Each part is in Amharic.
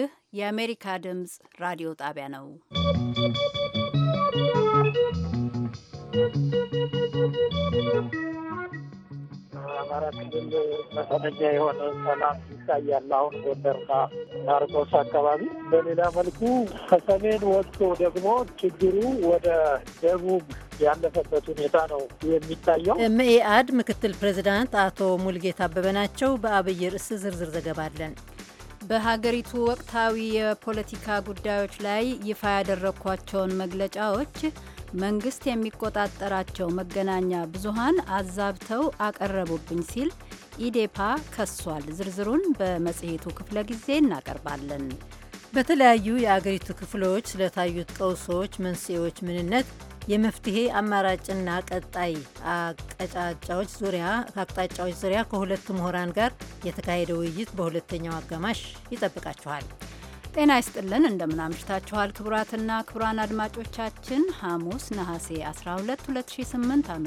ይህ የአሜሪካ ድምፅ ራዲዮ ጣቢያ ነው። አማራ ክልል መጠነኛ የሆነ ሰላም ይታያል። አሁን ጎንደርና ማርቆስ አካባቢ። በሌላ መልኩ ከሰሜን ወጥቶ ደግሞ ችግሩ ወደ ደቡብ ያለፈበት ሁኔታ ነው የሚታየው። መኢአድ ምክትል ፕሬዚዳንት አቶ ሙልጌታ አበበ ናቸው። በአብይ ርዕስ ዝርዝር ዘገባ አለን። በሀገሪቱ ወቅታዊ የፖለቲካ ጉዳዮች ላይ ይፋ ያደረግኳቸውን መግለጫዎች መንግስት የሚቆጣጠራቸው መገናኛ ብዙሃን አዛብተው አቀረቡብኝ ሲል ኢዴፓ ከሷል። ዝርዝሩን በመጽሔቱ ክፍለ ጊዜ እናቀርባለን። በተለያዩ የአገሪቱ ክፍሎች ስለታዩት ቀውሶች መንስኤዎች ምንነት የመፍትሄ አማራጭና ቀጣይ አቅጣጫዎች ዙሪያ ከአቅጣጫዎች ዙሪያ ከሁለት ምሁራን ጋር የተካሄደ ውይይት በሁለተኛው አጋማሽ ይጠብቃችኋል። ጤና ይስጥልን እንደምናምሽታችኋል። ክቡራትና ክቡራን አድማጮቻችን ሐሙስ ነሐሴ 12 2008 ዓ ም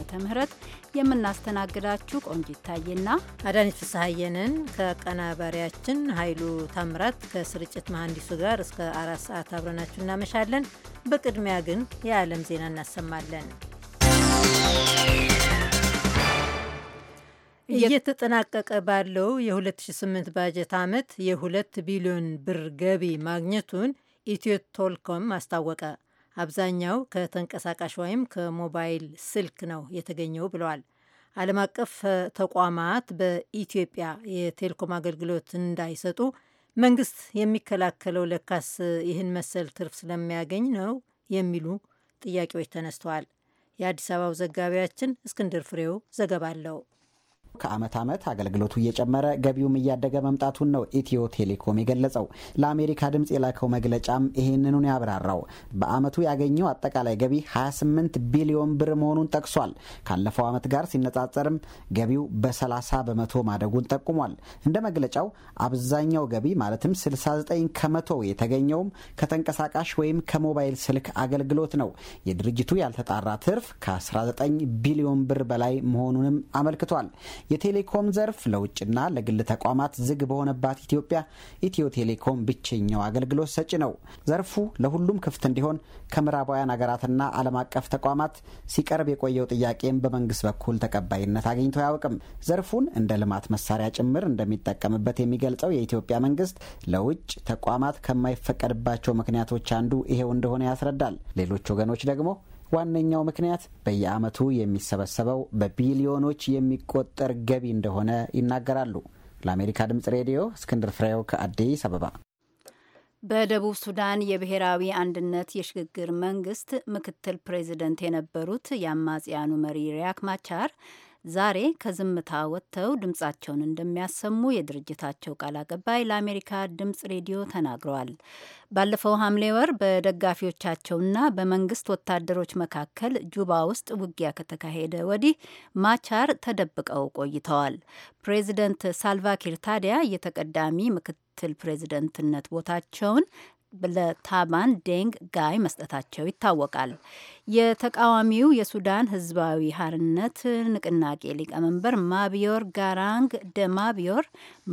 የምናስተናግዳችሁ ቆንጂት ይታየና አዳነች ፍስሐየንን ከቀናባሪያችን ኃይሉ ታምራት ከስርጭት መሐንዲሱ ጋር እስከ አራት ሰዓት አብረናችሁ እናመሻለን። በቅድሚያ ግን የዓለም ዜና እናሰማለን። እየተጠናቀቀ ባለው የ2008 ባጀት ዓመት የሁለት ቢሊዮን ብር ገቢ ማግኘቱን ኢትዮ ቴሌኮም አስታወቀ። አብዛኛው ከተንቀሳቃሽ ወይም ከሞባይል ስልክ ነው የተገኘው ብለዋል። ዓለም አቀፍ ተቋማት በኢትዮጵያ የቴሌኮም አገልግሎት እንዳይሰጡ መንግስት የሚከላከለው ለካስ ይህን መሰል ትርፍ ስለሚያገኝ ነው የሚሉ ጥያቄዎች ተነስተዋል። የአዲስ አበባው ዘጋቢያችን እስክንድር ፍሬው ዘገባ አለው። ከዓመት ዓመት አገልግሎቱ እየጨመረ ገቢውም እያደገ መምጣቱን ነው ኢትዮ ቴሌኮም የገለጸው። ለአሜሪካ ድምፅ የላከው መግለጫም ይህንኑን ያብራራው። በአመቱ ያገኘው አጠቃላይ ገቢ 28 ቢሊዮን ብር መሆኑን ጠቅሷል። ካለፈው ዓመት ጋር ሲነጻጸርም ገቢው በ30 በመቶ ማደጉን ጠቁሟል። እንደ መግለጫው አብዛኛው ገቢ ማለትም 69 ከመቶ የተገኘውም ከተንቀሳቃሽ ወይም ከሞባይል ስልክ አገልግሎት ነው። የድርጅቱ ያልተጣራ ትርፍ ከ19 ቢሊዮን ብር በላይ መሆኑንም አመልክቷል። የቴሌኮም ዘርፍ ለውጭና ለግል ተቋማት ዝግ በሆነባት ኢትዮጵያ ኢትዮ ቴሌኮም ብቸኛው አገልግሎት ሰጪ ነው። ዘርፉ ለሁሉም ክፍት እንዲሆን ከምዕራባውያን ሀገራትና ዓለም አቀፍ ተቋማት ሲቀርብ የቆየው ጥያቄም በመንግስት በኩል ተቀባይነት አግኝቶ አያውቅም። ዘርፉን እንደ ልማት መሳሪያ ጭምር እንደሚጠቀምበት የሚገልጸው የኢትዮጵያ መንግስት ለውጭ ተቋማት ከማይፈቀድባቸው ምክንያቶች አንዱ ይሄው እንደሆነ ያስረዳል። ሌሎች ወገኖች ደግሞ ዋነኛው ምክንያት በየዓመቱ የሚሰበሰበው በቢሊዮኖች የሚቆጠር ገቢ እንደሆነ ይናገራሉ። ለአሜሪካ ድምጽ ሬዲዮ እስክንድር ፍሬው ከአዲስ አበባ። በደቡብ ሱዳን የብሔራዊ አንድነት የሽግግር መንግስት ምክትል ፕሬዚደንት የነበሩት የአማጽያኑ መሪ ሪያክ ማቻር ዛሬ ከዝምታ ወጥተው ድምጻቸውን እንደሚያሰሙ የድርጅታቸው ቃል አቀባይ ለአሜሪካ ድምጽ ሬዲዮ ተናግረዋል። ባለፈው ሐምሌ ወር በደጋፊዎቻቸውና በመንግስት ወታደሮች መካከል ጁባ ውስጥ ውጊያ ከተካሄደ ወዲህ ማቻር ተደብቀው ቆይተዋል። ፕሬዚደንት ሳልቫኪር ታዲያ የተቀዳሚ ምክትል ፕሬዚደንትነት ቦታቸውን ለታባን ዴንግ ጋይ መስጠታቸው ይታወቃል። የተቃዋሚው የሱዳን ህዝባዊ ሀርነት ንቅናቄ ሊቀመንበር ማቢዮር ጋራንግ ደማቢዮር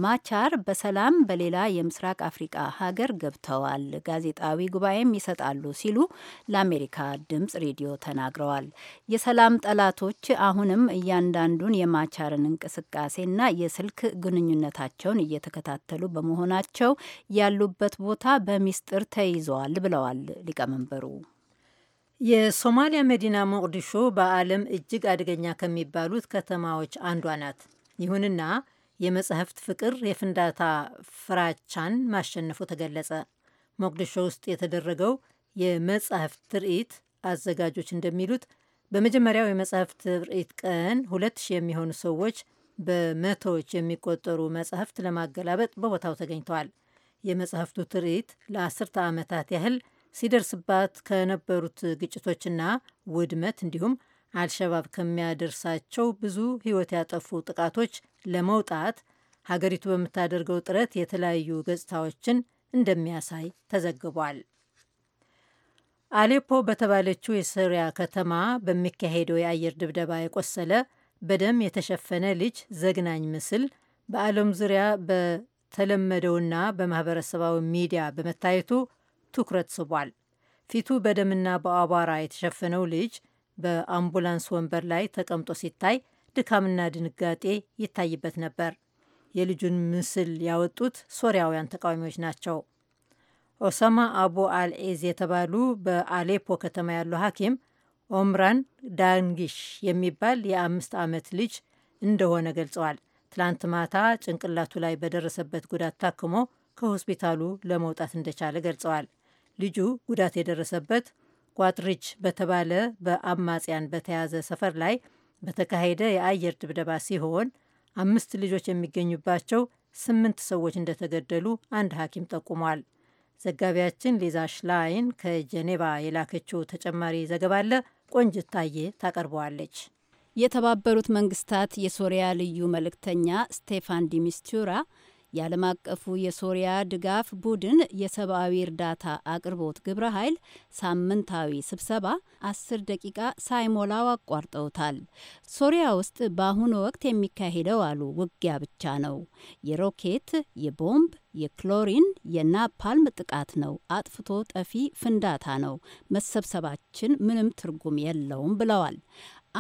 ማቻር በሰላም በሌላ የምስራቅ አፍሪቃ ሀገር ገብተዋል፣ ጋዜጣዊ ጉባኤም ይሰጣሉ ሲሉ ለአሜሪካ ድምጽ ሬዲዮ ተናግረዋል። የሰላም ጠላቶች አሁንም እያንዳንዱን የማቻርን እንቅስቃሴና የስልክ ግንኙነታቸውን እየተከታተሉ በመሆናቸው ያሉበት ቦታ በሚስጥር ተይዘዋል ብለዋል ሊቀመንበሩ። የሶማሊያ መዲና ሞቅዲሾ በዓለም እጅግ አደገኛ ከሚባሉት ከተማዎች አንዷ ናት። ይሁንና የመጽሕፍት ፍቅር የፍንዳታ ፍራቻን ማሸነፉ ተገለጸ። ሞቅዲሾ ውስጥ የተደረገው የመጽሕፍት ትርኢት አዘጋጆች እንደሚሉት በመጀመሪያው የመጽሕፍት ትርኢት ቀን ሁለት ሺህ የሚሆኑ ሰዎች በመቶዎች የሚቆጠሩ መጽሕፍት ለማገላበጥ በቦታው ተገኝተዋል። የመጽሕፍቱ ትርኢት ለአስርተ ዓመታት ያህል ሲደርስባት ከነበሩት ግጭቶችና ውድመት እንዲሁም አልሸባብ ከሚያደርሳቸው ብዙ ሕይወት ያጠፉ ጥቃቶች ለመውጣት ሀገሪቱ በምታደርገው ጥረት የተለያዩ ገጽታዎችን እንደሚያሳይ ተዘግቧል። አሌፖ በተባለችው የሶሪያ ከተማ በሚካሄደው የአየር ድብደባ የቆሰለ በደም የተሸፈነ ልጅ ዘግናኝ ምስል በዓለም ዙሪያ በተለመደውና በማህበረሰባዊ ሚዲያ በመታየቱ ትኩረት ስቧል። ፊቱ በደምና በአቧራ የተሸፈነው ልጅ በአምቡላንስ ወንበር ላይ ተቀምጦ ሲታይ ድካምና ድንጋጤ ይታይበት ነበር። የልጁን ምስል ያወጡት ሶሪያውያን ተቃዋሚዎች ናቸው። ኦሳማ አቡ አልዒዝ የተባሉ በአሌፖ ከተማ ያሉ ሐኪም ኦምራን ዳንጊሽ የሚባል የአምስት ዓመት ልጅ እንደሆነ ገልጸዋል። ትላንት ማታ ጭንቅላቱ ላይ በደረሰበት ጉዳት ታክሞ ከሆስፒታሉ ለመውጣት እንደቻለ ገልጸዋል። ልጁ ጉዳት የደረሰበት ቋጥሪች በተባለ በአማጽያን በተያዘ ሰፈር ላይ በተካሄደ የአየር ድብደባ ሲሆን አምስት ልጆች የሚገኙባቸው ስምንት ሰዎች እንደተገደሉ አንድ ሐኪም ጠቁሟል። ዘጋቢያችን ሊዛ ሽላይን ከጀኔቫ የላከችው ተጨማሪ ዘገባ አለ። ቆንጅታዬ ታቀርበዋለች። የተባበሩት መንግስታት የሶሪያ ልዩ መልእክተኛ ስቴፋን ዲሚስቱራ የዓለም አቀፉ የሶሪያ ድጋፍ ቡድን የሰብአዊ እርዳታ አቅርቦት ግብረ ኃይል ሳምንታዊ ስብሰባ አስር ደቂቃ ሳይሞላው አቋርጠውታል። ሶሪያ ውስጥ በአሁኑ ወቅት የሚካሄደው አሉ ውጊያ ብቻ ነው። የሮኬት፣ የቦምብ፣ የክሎሪን፣ የናፓልም ጥቃት ነው። አጥፍቶ ጠፊ ፍንዳታ ነው። መሰብሰባችን ምንም ትርጉም የለውም ብለዋል።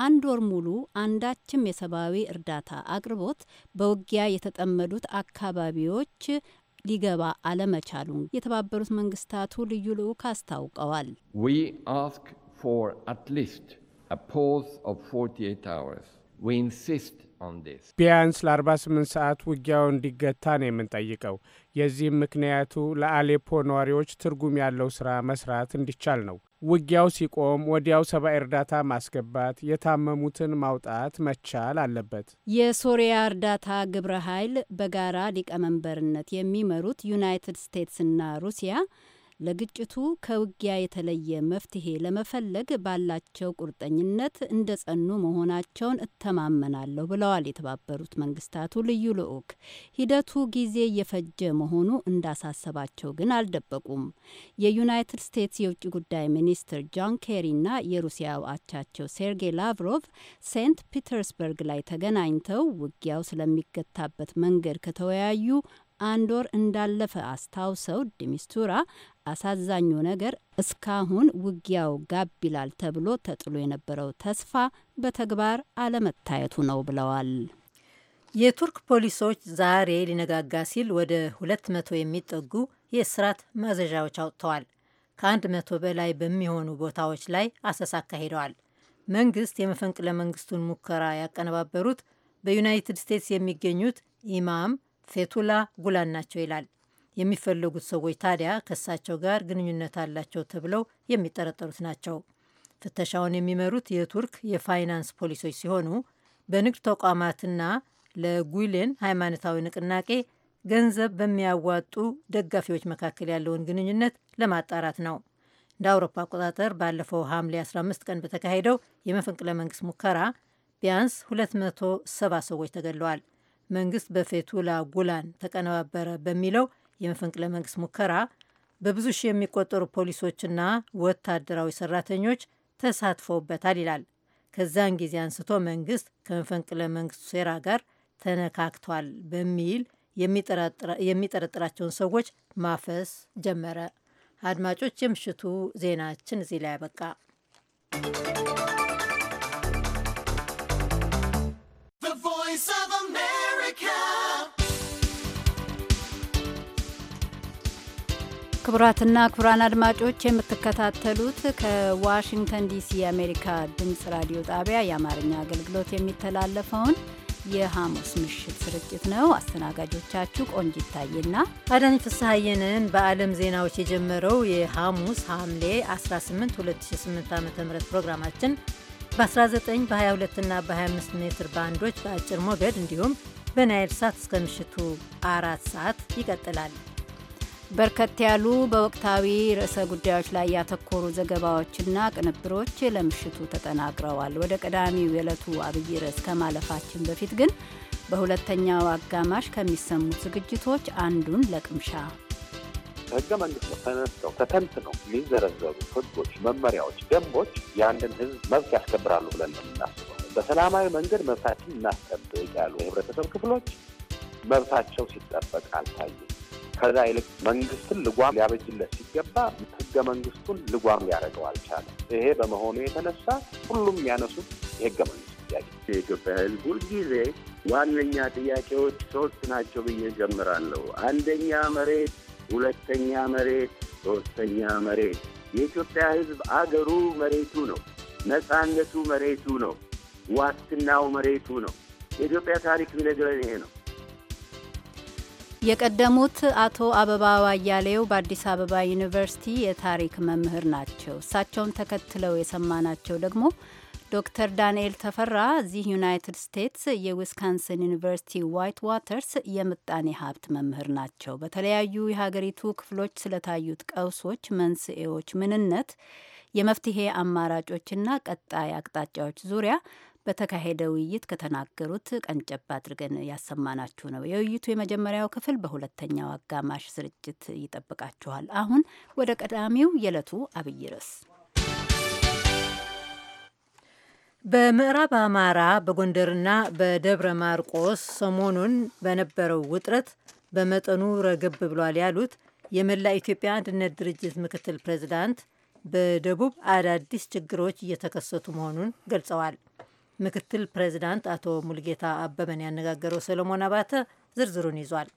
አንድ ወር ሙሉ አንዳችም የሰብአዊ እርዳታ አቅርቦት በውጊያ የተጠመዱት አካባቢዎች ሊገባ አለመቻሉን የተባበሩት መንግስታቱ ልዩ ልዑክ አስታውቀዋል። ቢያንስ ለ48 ሰዓት ውጊያው እንዲገታ ነው የምንጠይቀው። የዚህም ምክንያቱ ለአሌፖ ነዋሪዎች ትርጉም ያለው ስራ መስራት እንዲቻል ነው። ውጊያው ሲቆም ወዲያው ሰብአዊ እርዳታ ማስገባት፣ የታመሙትን ማውጣት መቻል አለበት። የሶሪያ እርዳታ ግብረ ኃይል በጋራ ሊቀመንበርነት የሚመሩት ዩናይትድ ስቴትስና ሩሲያ ለግጭቱ ከውጊያ የተለየ መፍትሄ ለመፈለግ ባላቸው ቁርጠኝነት እንደ ጸኑ መሆናቸውን እተማመናለሁ ብለዋል የተባበሩት መንግስታቱ ልዩ ልዑክ። ሂደቱ ጊዜ እየፈጀ መሆኑ እንዳሳሰባቸው ግን አልደበቁም። የዩናይትድ ስቴትስ የውጭ ጉዳይ ሚኒስትር ጆን ኬሪና የሩሲያው አቻቸው ሴርጌይ ላቭሮቭ ሴንት ፒተርስበርግ ላይ ተገናኝተው ውጊያው ስለሚገታበት መንገድ ከተወያዩ አንድ ወር እንዳለፈ አስታውሰው ዲሚስቱራ አሳዛኙ ነገር እስካሁን ውጊያው ጋብ ይላል ተብሎ ተጥሎ የነበረው ተስፋ በተግባር አለመታየቱ ነው ብለዋል። የቱርክ ፖሊሶች ዛሬ ሊነጋጋ ሲል ወደ 200 የሚጠጉ የእስራት ማዘዣዎች አውጥተዋል። ከ100 በላይ በሚሆኑ ቦታዎች ላይ አሰሳ አካሂደዋል። መንግስት የመፈንቅለ መንግስቱን ሙከራ ያቀነባበሩት በዩናይትድ ስቴትስ የሚገኙት ኢማም ፌቱላ ጉላን ናቸው ይላል የሚፈለጉት ሰዎች ታዲያ ከእሳቸው ጋር ግንኙነት አላቸው ተብለው የሚጠረጠሩት ናቸው። ፍተሻውን የሚመሩት የቱርክ የፋይናንስ ፖሊሶች ሲሆኑ በንግድ ተቋማትና ለጉሌን ሃይማኖታዊ ንቅናቄ ገንዘብ በሚያዋጡ ደጋፊዎች መካከል ያለውን ግንኙነት ለማጣራት ነው። እንደ አውሮፓ አቆጣጠር ባለፈው ሐምሌ 15 ቀን በተካሄደው የመፈንቅለ መንግስት ሙከራ ቢያንስ 270 ሰዎች ተገድለዋል። መንግስት በፌቱላ ጉላን ተቀነባበረ በሚለው የመፈንቅለ መንግስት ሙከራ በብዙ ሺህ የሚቆጠሩ ፖሊሶችና ወታደራዊ ሰራተኞች ተሳትፈውበታል ይላል። ከዛን ጊዜ አንስቶ መንግስት ከመፈንቅለ መንግስት ሴራ ጋር ተነካክቷል በሚል የሚጠረጥራቸውን ሰዎች ማፈስ ጀመረ። አድማጮች፣ የምሽቱ ዜናችን እዚህ ላይ ያበቃ። ክቡራትና ክቡራን አድማጮች የምትከታተሉት ከዋሽንግተን ዲሲ የአሜሪካ ድምፅ ራዲዮ ጣቢያ የአማርኛ አገልግሎት የሚተላለፈውን የሐሙስ ምሽት ስርጭት ነው። አስተናጋጆቻችሁ ቆንጅ ይታየና አዳኝ ፍስሐየንን በዓለም ዜናዎች የጀመረው የሐሙስ ሐምሌ 18 2008 ዓ ም ፕሮግራማችን በ19 በ22ና በ25 ሜትር ባንዶች በአጭር ሞገድ እንዲሁም በናይል ሳት እስከ ምሽቱ አራት ሰዓት ይቀጥላል። በርከት ያሉ በወቅታዊ ርዕሰ ጉዳዮች ላይ ያተኮሩ ዘገባዎችና ቅንብሮች ለምሽቱ ተጠናቅረዋል። ወደ ቀዳሚው የዕለቱ አብይ ርዕስ ከማለፋችን በፊት ግን በሁለተኛው አጋማሽ ከሚሰሙት ዝግጅቶች አንዱን ለቅምሻ ህገ መንግስት ተነስተው ተተንትነው የሚዘረዘሩ ህጎች፣ መመሪያዎች፣ ደንቦች የአንድን ህዝብ መብት ያስከብራሉ ብለን ነው የምናስበው። በሰላማዊ መንገድ መብታችን እናስጠብቅ ያሉ የህብረተሰብ ክፍሎች መብታቸው ሲጠበቅ አልታይም። ከዛ ይልቅ መንግስትን ልጓም ሊያበጅለት ሲገባ ህገ መንግስቱን ልጓም ሊያደርገው አልቻለም። ይሄ በመሆኑ የተነሳ ሁሉም የሚያነሱት የህገ መንግስት ጥያቄ የኢትዮጵያ ህዝብ ሁልጊዜ ዋነኛ ጥያቄዎች ሶስት ናቸው ብዬ ጀምራለሁ። አንደኛ መሬት፣ ሁለተኛ መሬት፣ ሶስተኛ መሬት። የኢትዮጵያ ህዝብ አገሩ መሬቱ ነው። ነፃነቱ መሬቱ ነው። ዋስትናው መሬቱ ነው። የኢትዮጵያ ታሪክ የሚነግረን ይሄ ነው። የቀደሙት አቶ አበባ ዋያሌው በአዲስ አበባ ዩኒቨርሲቲ የታሪክ መምህር ናቸው። እሳቸውን ተከትለው የሰማናቸው ደግሞ ዶክተር ዳንኤል ተፈራ እዚህ ዩናይትድ ስቴትስ የዊስካንሰን ዩኒቨርሲቲ ዋይት ዋተርስ የምጣኔ ሀብት መምህር ናቸው። በተለያዩ የሀገሪቱ ክፍሎች ስለታዩት ቀውሶች መንስኤዎች ምንነት፣ የመፍትሄ አማራጮችና ቀጣይ አቅጣጫዎች ዙሪያ በተካሄደ ውይይት ከተናገሩት ቀንጨብ አድርገን ያሰማናችሁ ነው። የውይይቱ የመጀመሪያው ክፍል በሁለተኛው አጋማሽ ስርጭት ይጠብቃችኋል። አሁን ወደ ቀዳሚው የዕለቱ አብይ ርዕስ በምዕራብ አማራ በጎንደርና በደብረ ማርቆስ ሰሞኑን በነበረው ውጥረት በመጠኑ ረገብ ብሏል ያሉት የመላ ኢትዮጵያ አንድነት ድርጅት ምክትል ፕሬዚዳንት በደቡብ አዳዲስ ችግሮች እየተከሰቱ መሆኑን ገልጸዋል። ምክትል ፕሬዚዳንት አቶ ሙልጌታ አበበን ያነጋገረው ሰለሞን አባተ ዝርዝሩን ይዟል።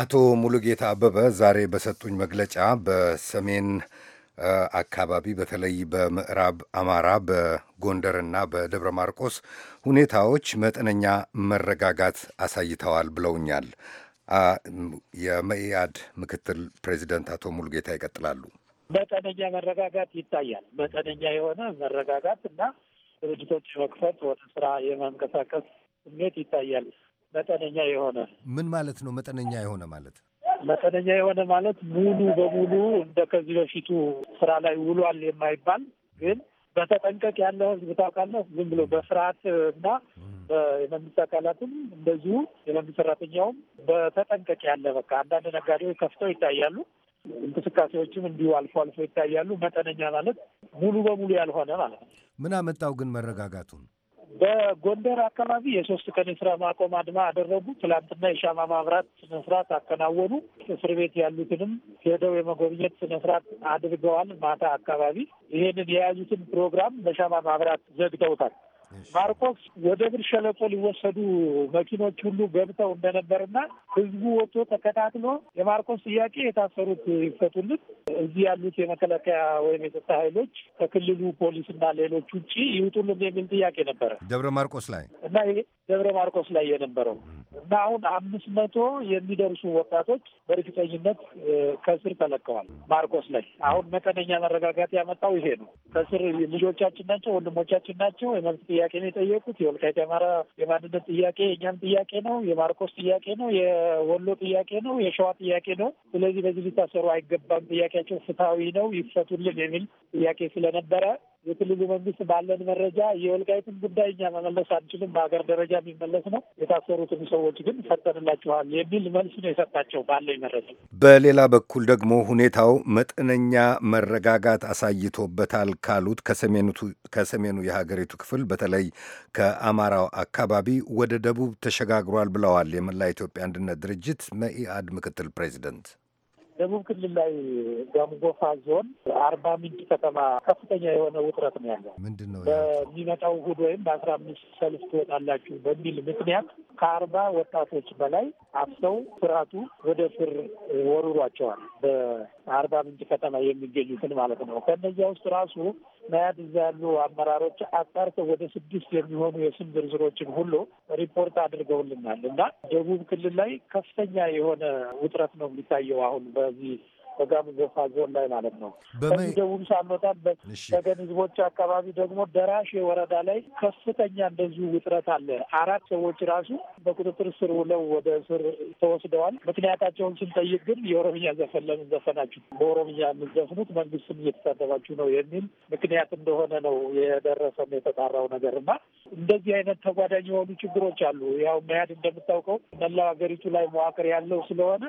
አቶ ሙሉጌታ አበበ ዛሬ በሰጡኝ መግለጫ በሰሜን አካባቢ በተለይ በምዕራብ አማራ በጎንደርና በደብረ ማርቆስ ሁኔታዎች መጠነኛ መረጋጋት አሳይተዋል ብለውኛል። የመኢአድ ምክትል ፕሬዚደንት አቶ ሙሉጌታ ይቀጥላሉ። መጠነኛ መረጋጋት ይታያል። መጠነኛ የሆነ መረጋጋት እና ድርጅቶች የመክፈት ወደ ስራ የመንቀሳቀስ ስሜት ይታያል። መጠነኛ የሆነ ምን ማለት ነው? መጠነኛ የሆነ ማለት መጠነኛ የሆነ ማለት ሙሉ በሙሉ እንደ ከዚህ በፊቱ ስራ ላይ ውሏል የማይባል ግን በተጠንቀቅ ያለ ህዝብ ታውቃለህ። ዝም ብሎ በፍርሃት እና የመንግስት አካላትም እንደዚሁ የመንግስት ሰራተኛውም በተጠንቀቅ ያለ በቃ አንዳንድ ነጋዴዎች ከፍተው ይታያሉ። እንቅስቃሴዎችም እንዲሁ አልፎ አልፎ ይታያሉ። መጠነኛ ማለት ሙሉ በሙሉ ያልሆነ ማለት ነው። ምን አመጣው ግን መረጋጋቱን? በጎንደር አካባቢ የሶስት ቀን የስራ ማቆም አድማ አደረጉ። ትላንትና የሻማ ማብራት ስነስርዓት አከናወኑ። እስር ቤት ያሉትንም ሄደው የመጎብኘት ስነስርዓት አድርገዋል። ማታ አካባቢ ይሄንን የያዙትን ፕሮግራም በሻማ ማብራት ዘግተውታል። ማርቆስ ወደ ብር ሸለቆ ሊወሰዱ መኪኖች ሁሉ ገብተው እንደነበርና ህዝቡ ወጥቶ ተከታትሎ የማርቆስ ጥያቄ የታሰሩት ይፈቱልን፣ እዚህ ያሉት የመከላከያ ወይም የጸጥታ ኃይሎች ከክልሉ ፖሊስና ሌሎች ውጭ ይውጡልን የሚል ጥያቄ ነበረ ደብረ ማርቆስ ላይ እና ደብረ ማርቆስ ላይ የነበረው እና አሁን አምስት መቶ የሚደርሱ ወጣቶች በእርግጠኝነት ከእስር ተለቀዋል። ማርቆስ ላይ አሁን መጠነኛ መረጋጋት ያመጣው ይሄ ነው። ከእስር ልጆቻችን ናቸው፣ ወንድሞቻችን ናቸው። የመብት ጥያቄ ነው የጠየቁት። የወልቃይት የአማራ የማንነት ጥያቄ የእኛም ጥያቄ ነው፣ የማርኮስ ጥያቄ ነው፣ የወሎ ጥያቄ ነው፣ የሸዋ ጥያቄ ነው። ስለዚህ በዚህ ሊታሰሩ አይገባም፣ ጥያቄያቸው ፍትሐዊ ነው፣ ይፈቱልን የሚል ጥያቄ ስለነበረ የክልሉ መንግስት ባለን መረጃ የወልቃይትን ጉዳይ እኛ መመለስ አንችልም፣ በሀገር ደረጃ የሚመለስ ነው፣ የታሰሩትን ሰዎች ግን ፈጠንላችኋል የሚል መልስ ነው የሰጣቸው ባለኝ መረጃ። በሌላ በኩል ደግሞ ሁኔታው መጠነኛ መረጋጋት አሳይቶበታል ካሉት ከሰሜኑ የሀገሪቱ ክፍል በተለይ ከአማራው አካባቢ ወደ ደቡብ ተሸጋግሯል ብለዋል የመላ ኢትዮጵያ አንድነት ድርጅት መኢአድ ምክትል ፕሬዚደንት ደቡብ ክልል ላይ ጋምጎፋ ዞን አርባ ምንጭ ከተማ ከፍተኛ የሆነ ውጥረት ነው ያለው። ምንድን ነው በሚመጣው እሑድ ወይም በአስራ አምስት ሰልፍ ትወጣላችሁ በሚል ምክንያት ከአርባ ወጣቶች በላይ አፍሰው ፍርሃቱ ወደ ስር ወርሯቸዋል። አርባ ምንጭ ከተማ የሚገኙትን ማለት ነው። ከእነዚያ ውስጥ ራሱ መያድ እዛ ያሉ አመራሮች አጣርተው ወደ ስድስት የሚሆኑ የስም ዝርዝሮችን ሁሉ ሪፖርት አድርገውልናል እና ደቡብ ክልል ላይ ከፍተኛ የሆነ ውጥረት ነው የሚታየው አሁን በዚህ በጋምጎፋ ዞን ላይ ማለት ነው። ከሚደቡብ ሳንወጣም በሰገን ህዝቦች አካባቢ ደግሞ ደራሽ ወረዳ ላይ ከፍተኛ እንደዚሁ ውጥረት አለ። አራት ሰዎች ራሱ በቁጥጥር ስር ውለው ወደ ስር ተወስደዋል። ምክንያታቸውን ስንጠይቅ ግን የኦሮምኛ ዘፈን ለምን ዘፈናችሁ፣ በኦሮምኛ የምትዘፍኑት መንግስትም እየተሳደባችሁ ነው የሚል ምክንያት እንደሆነ ነው የደረሰም የተጣራው ነገር እና እንደዚህ አይነት ተጓዳኝ የሆኑ ችግሮች አሉ። ያው መያድ እንደምታውቀው መላው ሀገሪቱ ላይ መዋቅር ያለው ስለሆነ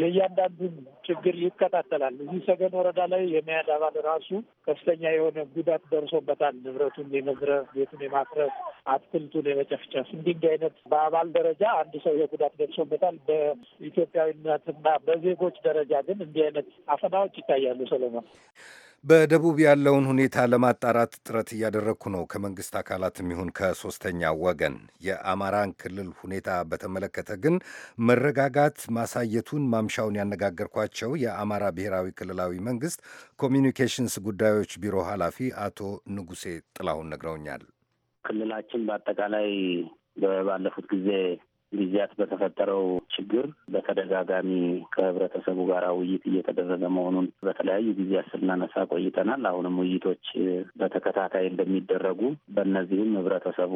የእያንዳንዱን ችግር ይከ ይከታተላል። እዚህ ሰገን ወረዳ ላይ የሚያድ አባል ራሱ ከፍተኛ የሆነ ጉዳት ደርሶበታል። ንብረቱን የመዝረፍ፣ ቤቱን የማፍረስ፣ አትክልቱን የመጨፍጨፍ እንዲህ አይነት በአባል ደረጃ አንድ ሰው የጉዳት ደርሶበታል። በኢትዮጵያዊነትና በዜጎች ደረጃ ግን እንዲህ አይነት አፈናዎች ይታያሉ። ሰለሞን በደቡብ ያለውን ሁኔታ ለማጣራት ጥረት እያደረግኩ ነው። ከመንግሥት አካላትም ይሁን ከሦስተኛ ወገን የአማራን ክልል ሁኔታ በተመለከተ ግን መረጋጋት ማሳየቱን ማምሻውን ያነጋገርኳቸው የአማራ ብሔራዊ ክልላዊ መንግሥት ኮሚኒኬሽንስ ጉዳዮች ቢሮ ኃላፊ አቶ ንጉሴ ጥላሁን ነግረውኛል። ክልላችን በአጠቃላይ ባለፉት ጊዜ ጊዜያት በተፈጠረው ችግር በተደጋጋሚ ከህብረተሰቡ ጋር ውይይት እየተደረገ መሆኑን በተለያዩ ጊዜያት ስናነሳ ቆይተናል። አሁንም ውይይቶች በተከታታይ እንደሚደረጉ በእነዚህም ህብረተሰቡ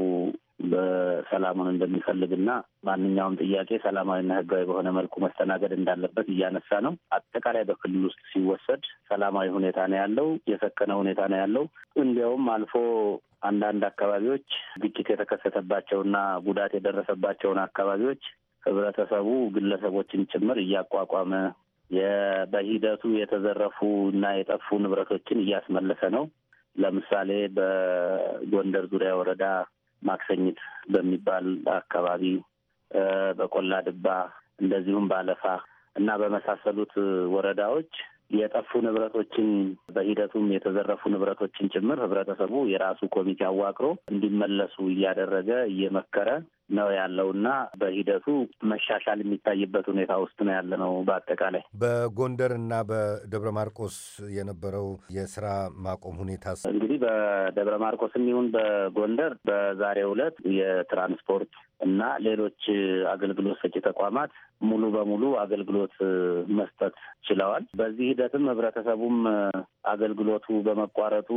በሰላሙን እንደሚፈልግና ማንኛውም ጥያቄ ሰላማዊና ህጋዊ በሆነ መልኩ መስተናገድ እንዳለበት እያነሳ ነው። አጠቃላይ በክልል ውስጥ ሲወሰድ ሰላማዊ ሁኔታ ነው ያለው፣ የሰከነ ሁኔታ ነው ያለው። እንዲያውም አልፎ አንዳንድ አካባቢዎች ግጭት የተከሰተባቸውና ጉዳት የደረሰባቸውን አካባቢዎች ህብረተሰቡ ግለሰቦችን ጭምር እያቋቋመ በሂደቱ የተዘረፉ እና የጠፉ ንብረቶችን እያስመለሰ ነው። ለምሳሌ በጎንደር ዙሪያ ወረዳ ማክሰኝት በሚባል አካባቢ፣ በቆላ ድባ እንደዚሁም ባለፋ እና በመሳሰሉት ወረዳዎች የጠፉ ንብረቶችን በሂደቱም የተዘረፉ ንብረቶችን ጭምር ህብረተሰቡ የራሱ ኮሚቴ አዋቅሮ እንዲመለሱ እያደረገ እየመከረ ነው ያለው እና በሂደቱ መሻሻል የሚታይበት ሁኔታ ውስጥ ነው ያለ ነው። በአጠቃላይ በጎንደር እና በደብረ ማርቆስ የነበረው የስራ ማቆም ሁኔታ እንግዲህ በደብረ ማርቆስም ይሁን በጎንደር በዛሬው ዕለት የትራንስፖርት እና ሌሎች አገልግሎት ሰጪ ተቋማት ሙሉ በሙሉ አገልግሎት መስጠት ችለዋል። በዚህ ሂደትም ህብረተሰቡም አገልግሎቱ በመቋረጡ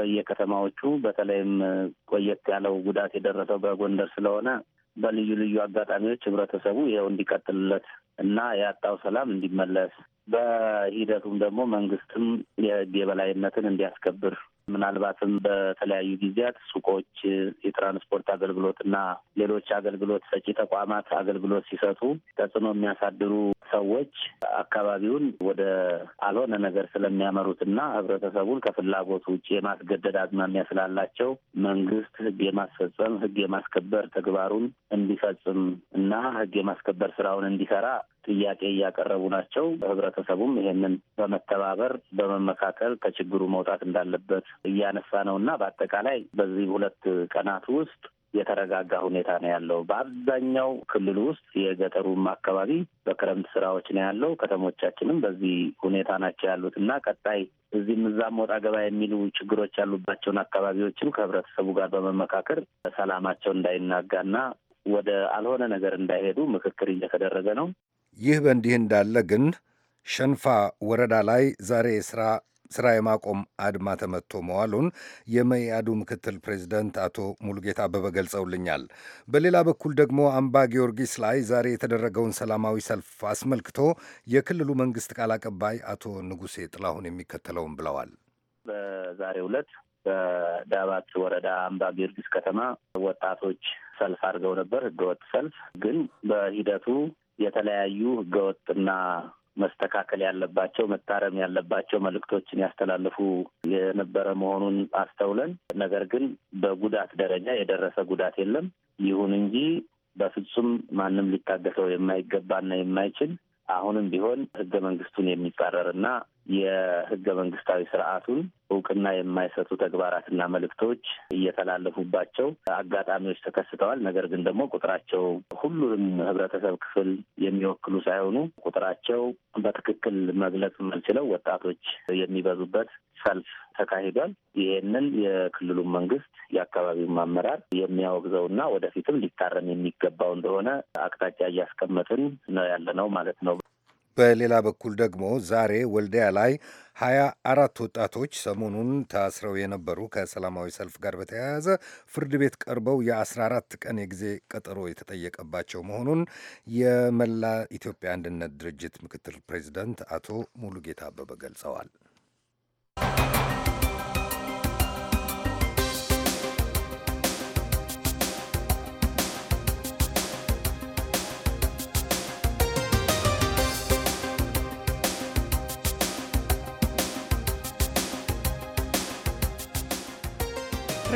በየከተማዎቹ በተለይም ቆየት ያለው ጉዳት የደረሰው በጎንደር ስለሆነ በልዩ ልዩ አጋጣሚዎች ህብረተሰቡ ይኸው እንዲቀጥልለት እና ያጣው ሰላም እንዲመለስ በሂደቱም ደግሞ መንግስትም የህግ የበላይነትን እንዲያስከብር ምናልባትም በተለያዩ ጊዜያት ሱቆች፣ የትራንስፖርት አገልግሎት እና ሌሎች አገልግሎት ሰጪ ተቋማት አገልግሎት ሲሰጡ ተጽዕኖ የሚያሳድሩ ሰዎች አካባቢውን ወደ አልሆነ ነገር ስለሚያመሩት እና ህብረተሰቡን ከፍላጎት ውጭ የማስገደድ አዝማሚያ ስላላቸው መንግስት ህግ የማስፈጸም ህግ የማስከበር ተግባሩን እንዲፈጽም እና ህግ የማስከበር ስራውን እንዲሰራ ጥያቄ እያቀረቡ ናቸው። ህብረተሰቡም ይሄንን በመተባበር በመመካከል ከችግሩ መውጣት እንዳለበት እያነሳ ነው እና በአጠቃላይ በዚህ ሁለት ቀናት ውስጥ የተረጋጋ ሁኔታ ነው ያለው። በአብዛኛው ክልል ውስጥ የገጠሩም አካባቢ በክረምት ስራዎች ነው ያለው። ከተሞቻችንም በዚህ ሁኔታ ናቸው ያሉት እና ቀጣይ እዚህም እዛም ወጣ ገባ የሚሉ ችግሮች ያሉባቸውን አካባቢዎችም ከህብረተሰቡ ጋር በመመካከር ሰላማቸው እንዳይናጋና ወደ አልሆነ ነገር እንዳይሄዱ ምክክር እየተደረገ ነው። ይህ በእንዲህ እንዳለ ግን ሸንፋ ወረዳ ላይ ዛሬ ስራ የማቆም አድማ ተመቶ መዋሉን የመያዱ ምክትል ፕሬዚደንት አቶ ሙሉጌታ አበበ ገልጸውልኛል። በሌላ በኩል ደግሞ አምባ ጊዮርጊስ ላይ ዛሬ የተደረገውን ሰላማዊ ሰልፍ አስመልክቶ የክልሉ መንግስት ቃል አቀባይ አቶ ንጉሴ ጥላሁን የሚከተለውን ብለዋል። በዛሬ ዕለት በዳባት ወረዳ አምባ ጊዮርጊስ ከተማ ወጣቶች ሰልፍ አድርገው ነበር። ህገወጥ ሰልፍ ግን በሂደቱ የተለያዩ ህገወጥና መስተካከል ያለባቸው መታረም ያለባቸው መልእክቶችን ያስተላልፉ የነበረ መሆኑን አስተውለን፣ ነገር ግን በጉዳት ደረጃ የደረሰ ጉዳት የለም። ይሁን እንጂ በፍጹም ማንም ሊታገሰው የማይገባና የማይችል አሁንም ቢሆን ህገ መንግስቱን የሚጻረር የህገ መንግስታዊ ስርዓቱን እውቅና የማይሰጡ ተግባራትና መልእክቶች እየተላለፉባቸው አጋጣሚዎች ተከስተዋል። ነገር ግን ደግሞ ቁጥራቸው ሁሉንም ህብረተሰብ ክፍል የሚወክሉ ሳይሆኑ ቁጥራቸው በትክክል መግለጽ የማንችለው ወጣቶች የሚበዙበት ሰልፍ ተካሂዷል። ይህንን የክልሉን መንግስት የአካባቢውን አመራር የሚያወግዘውና ወደፊትም ሊታረም የሚገባው እንደሆነ አቅጣጫ እያስቀመጥን ነው ያለነው ማለት ነው። በሌላ በኩል ደግሞ ዛሬ ወልዲያ ላይ ሀያ አራት ወጣቶች ሰሞኑን ታስረው የነበሩ ከሰላማዊ ሰልፍ ጋር በተያያዘ ፍርድ ቤት ቀርበው የ14 ቀን የጊዜ ቀጠሮ የተጠየቀባቸው መሆኑን የመላ ኢትዮጵያ አንድነት ድርጅት ምክትል ፕሬዚዳንት አቶ ሙሉጌታ አበበ ገልጸዋል።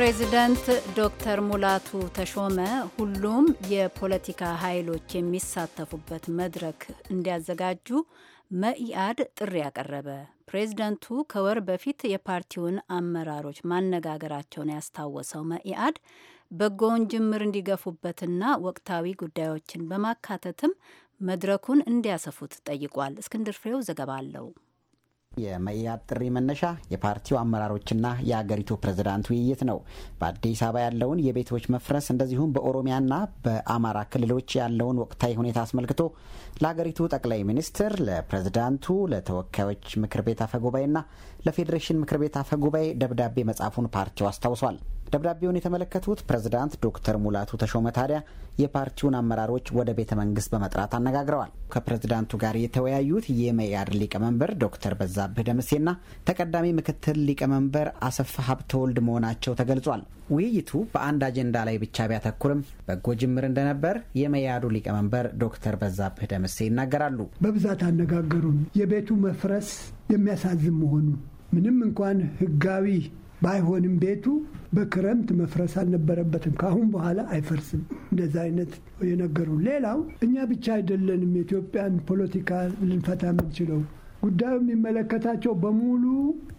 ፕሬዚደንት ዶክተር ሙላቱ ተሾመ ሁሉም የፖለቲካ ኃይሎች የሚሳተፉበት መድረክ እንዲያዘጋጁ መኢአድ ጥሪ ያቀረበ። ፕሬዚደንቱ ከወር በፊት የፓርቲውን አመራሮች ማነጋገራቸውን ያስታወሰው መኢአድ በጎውን ጅምር እንዲገፉበትና ወቅታዊ ጉዳዮችን በማካተትም መድረኩን እንዲያሰፉት ጠይቋል። እስክንድር ፍሬው ዘገባ አለው። የመኢአድ ጥሪ መነሻ የፓርቲው አመራሮችና የአገሪቱ ፕሬዝዳንት ውይይት ነው። በአዲስ አበባ ያለውን የቤቶች መፍረስ እንደዚሁም በኦሮሚያና በአማራ ክልሎች ያለውን ወቅታዊ ሁኔታ አስመልክቶ ለአገሪቱ ጠቅላይ ሚኒስትር፣ ለፕሬዝዳንቱ፣ ለተወካዮች ምክር ቤት አፈጉባኤና ለፌዴሬሽን ምክር ቤት አፈጉባኤ ደብዳቤ መጻፉን ፓርቲው አስታውሷል። ደብዳቤውን የተመለከቱት ፕሬዝዳንት ዶክተር ሙላቱ ተሾመ ታዲያ የፓርቲውን አመራሮች ወደ ቤተ መንግስት በመጥራት አነጋግረዋል። ከፕሬዝዳንቱ ጋር የተወያዩት የመኢአድ ሊቀመንበር ዶክተር በዛብህ ደምሴና ተቀዳሚ ምክትል ሊቀመንበር አሰፋ ሀብተወልድ መሆናቸው ተገልጿል። ውይይቱ በአንድ አጀንዳ ላይ ብቻ ቢያተኩርም በጎ ጅምር እንደነበር የመኢአዱ ሊቀመንበር ዶክተር በዛብህ ደምሴ ይናገራሉ። በብዛት አነጋገሩን የቤቱ መፍረስ የሚያሳዝን መሆኑ ምንም እንኳን ህጋዊ ባይሆንም ቤቱ በክረምት መፍረስ አልነበረበትም። ከአሁን በኋላ አይፈርስም። እንደዚ አይነት የነገሩ። ሌላው እኛ ብቻ አይደለንም የኢትዮጵያን ፖለቲካ ልንፈታ የምንችለው። ጉዳዩ የሚመለከታቸው በሙሉ